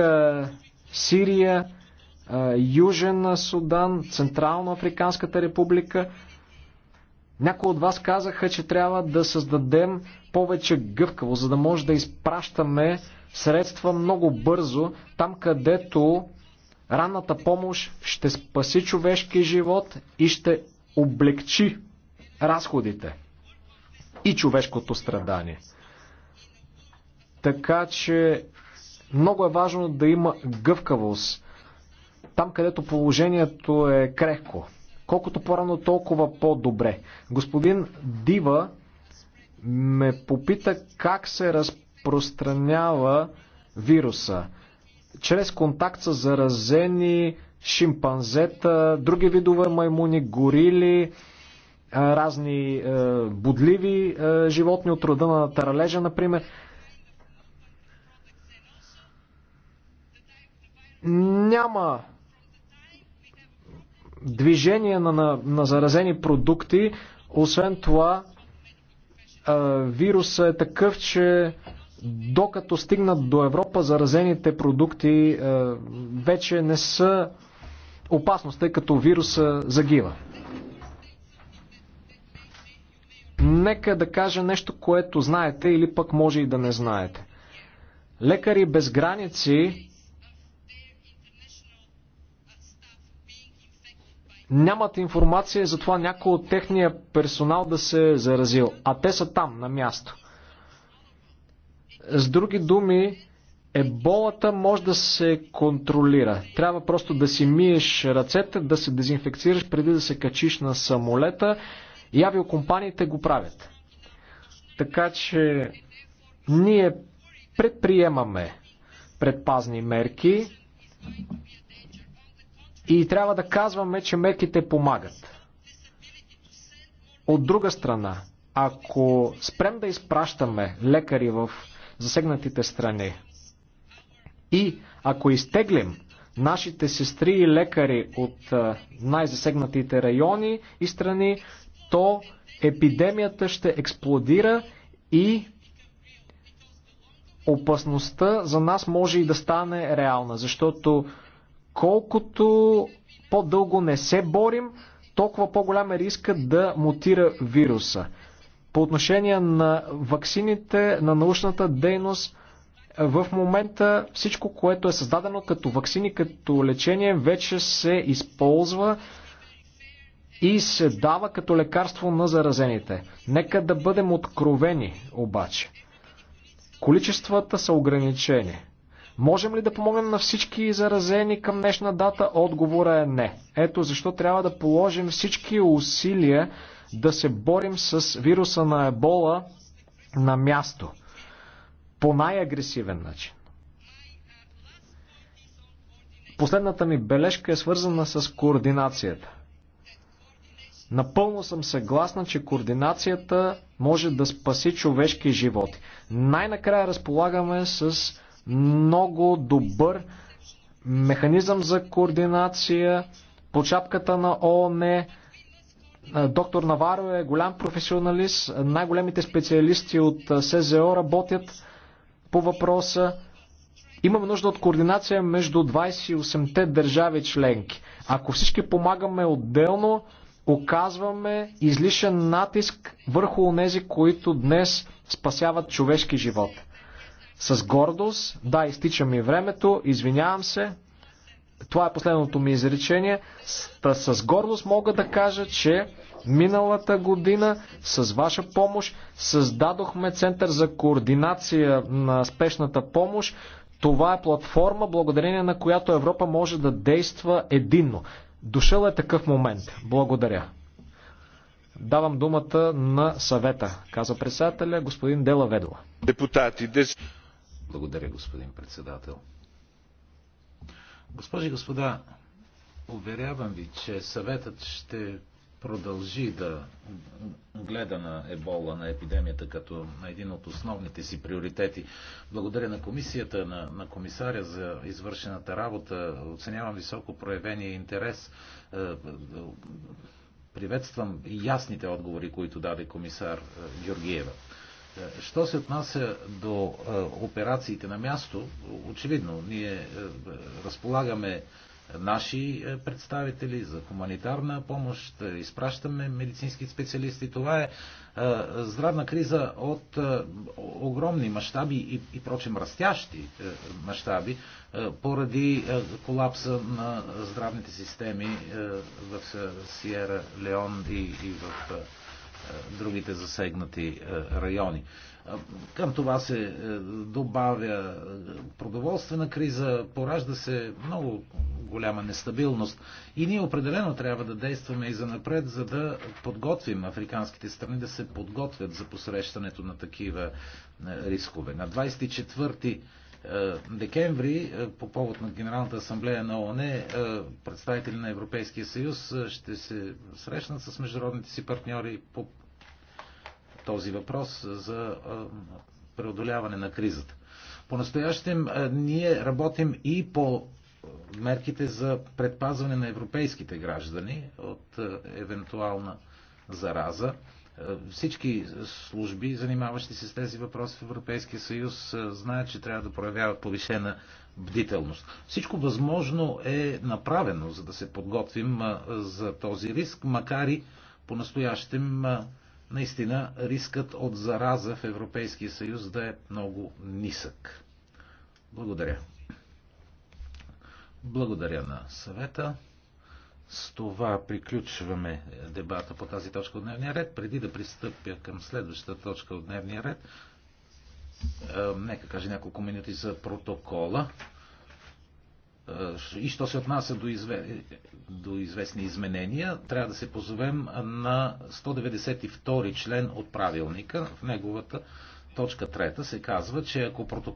Сирия, Южен Судан, Централно Африканската република. Някои от вас казаха, че трябва да създадем повече гъвкаво, за да може да изпращаме средства много бързо, там където ранната помощ ще спаси човешки живот и ще облегчи разходите и човешкото страдание. Така че много е важно да има гъвкавост там където положението е крехко. Колкото по-рано, толкова по-добре. Господин Дива ме попита как се разпространява вируса. Чрез контакт с заразени шимпанзета, други видове маймуни, горили, разни будливи животни от рода на таралежа, например. Няма движение на, на, на заразени продукти. Освен това, вируса е такъв, че докато стигнат до Европа, заразените продукти вече не са опасност, тъй като вируса загива. Нека да кажа нещо, което знаете или пък може и да не знаете. Лекари без граници нямат информация за това някой от техния персонал да се е заразил, а те са там, на място. С други думи, еболата може да се контролира. Трябва просто да си миеш ръцете, да се дезинфекцираш преди да се качиш на самолета и авиокомпаниите го правят. Така че ние предприемаме предпазни мерки, и трябва да казваме, че мерките помагат. От друга страна, ако спрем да изпращаме лекари в засегнатите страни и ако изтеглим нашите сестри и лекари от най-засегнатите райони и страни, то епидемията ще експлодира и опасността за нас може и да стане реална, защото колкото по-дълго не се борим, толкова по-голям е риска да мутира вируса. По отношение на ваксините, на научната дейност, в момента всичко, което е създадено като ваксини, като лечение, вече се използва и се дава като лекарство на заразените. Нека да бъдем откровени обаче. Количествата са ограничени. Можем ли да помогнем на всички заразени към днешна дата? Отговора е не. Ето защо трябва да положим всички усилия да се борим с вируса на ебола на място. По най-агресивен начин. Последната ми бележка е свързана с координацията. Напълно съм съгласна, че координацията може да спаси човешки животи. Най-накрая разполагаме с много добър механизъм за координация по чапката на ООН. Е, доктор Наваро е голям професионалист, най-големите специалисти от е, СЗО работят по въпроса. Имаме нужда от координация между 28-те държави членки. Ако всички помагаме отделно, оказваме излишен натиск върху онези, които днес спасяват човешки живот с гордост. Да, изтича ми времето, извинявам се. Това е последното ми изречение. С, с гордост мога да кажа, че миналата година с ваша помощ създадохме Център за координация на спешната помощ. Това е платформа, благодарение на която Европа може да действа единно. Дошъл е такъв момент. Благодаря. Давам думата на съвета, каза председателя господин Дела Ведова. Депутати, дес... Благодаря, господин председател. Госпожи и господа, уверявам ви, че съветът ще продължи да гледа на ебола, на епидемията като на един от основните си приоритети. Благодаря на комисията, на, на комисаря за извършената работа. Оценявам високо проявения интерес. Е, е, приветствам ясните отговори, които даде комисар е, Георгиева. Е, що се отнася до е, операциите на място, очевидно, ние е, разполагаме наши представители за хуманитарна помощ, изпращаме медицински специалисти. Това е здравна криза от огромни мащаби и, прочим растящи мащаби поради колапса на здравните системи в Сиера Леон и, в другите засегнати е, райони. Към това се е, добавя е, продоволствена криза, поражда се много голяма нестабилност и ние определено трябва да действаме и занапред, за да подготвим африканските страни да се подготвят за посрещането на такива рискове. На 24 декември по повод на Генералната асамблея на ООН представители на Европейския съюз ще се срещнат с международните си партньори по този въпрос за преодоляване на кризата. По-настоящем ние работим и по мерките за предпазване на европейските граждани от евентуална зараза. Всички служби, занимаващи се с тези въпроси в Европейския съюз, знаят, че трябва да проявяват повишена бдителност. Всичко възможно е направено, за да се подготвим за този риск, макар и по-настоящем наистина рискът от зараза в Европейския съюз да е много нисък. Благодаря. Благодаря на съвета. С това приключваме дебата по тази точка от дневния ред. Преди да пристъпя към следващата точка от дневния ред, нека кажа няколко минути за протокола. И що се отнася до, изве... до известни изменения, трябва да се позовем на 192 член от правилника. В неговата точка 3 се казва, че ако протокол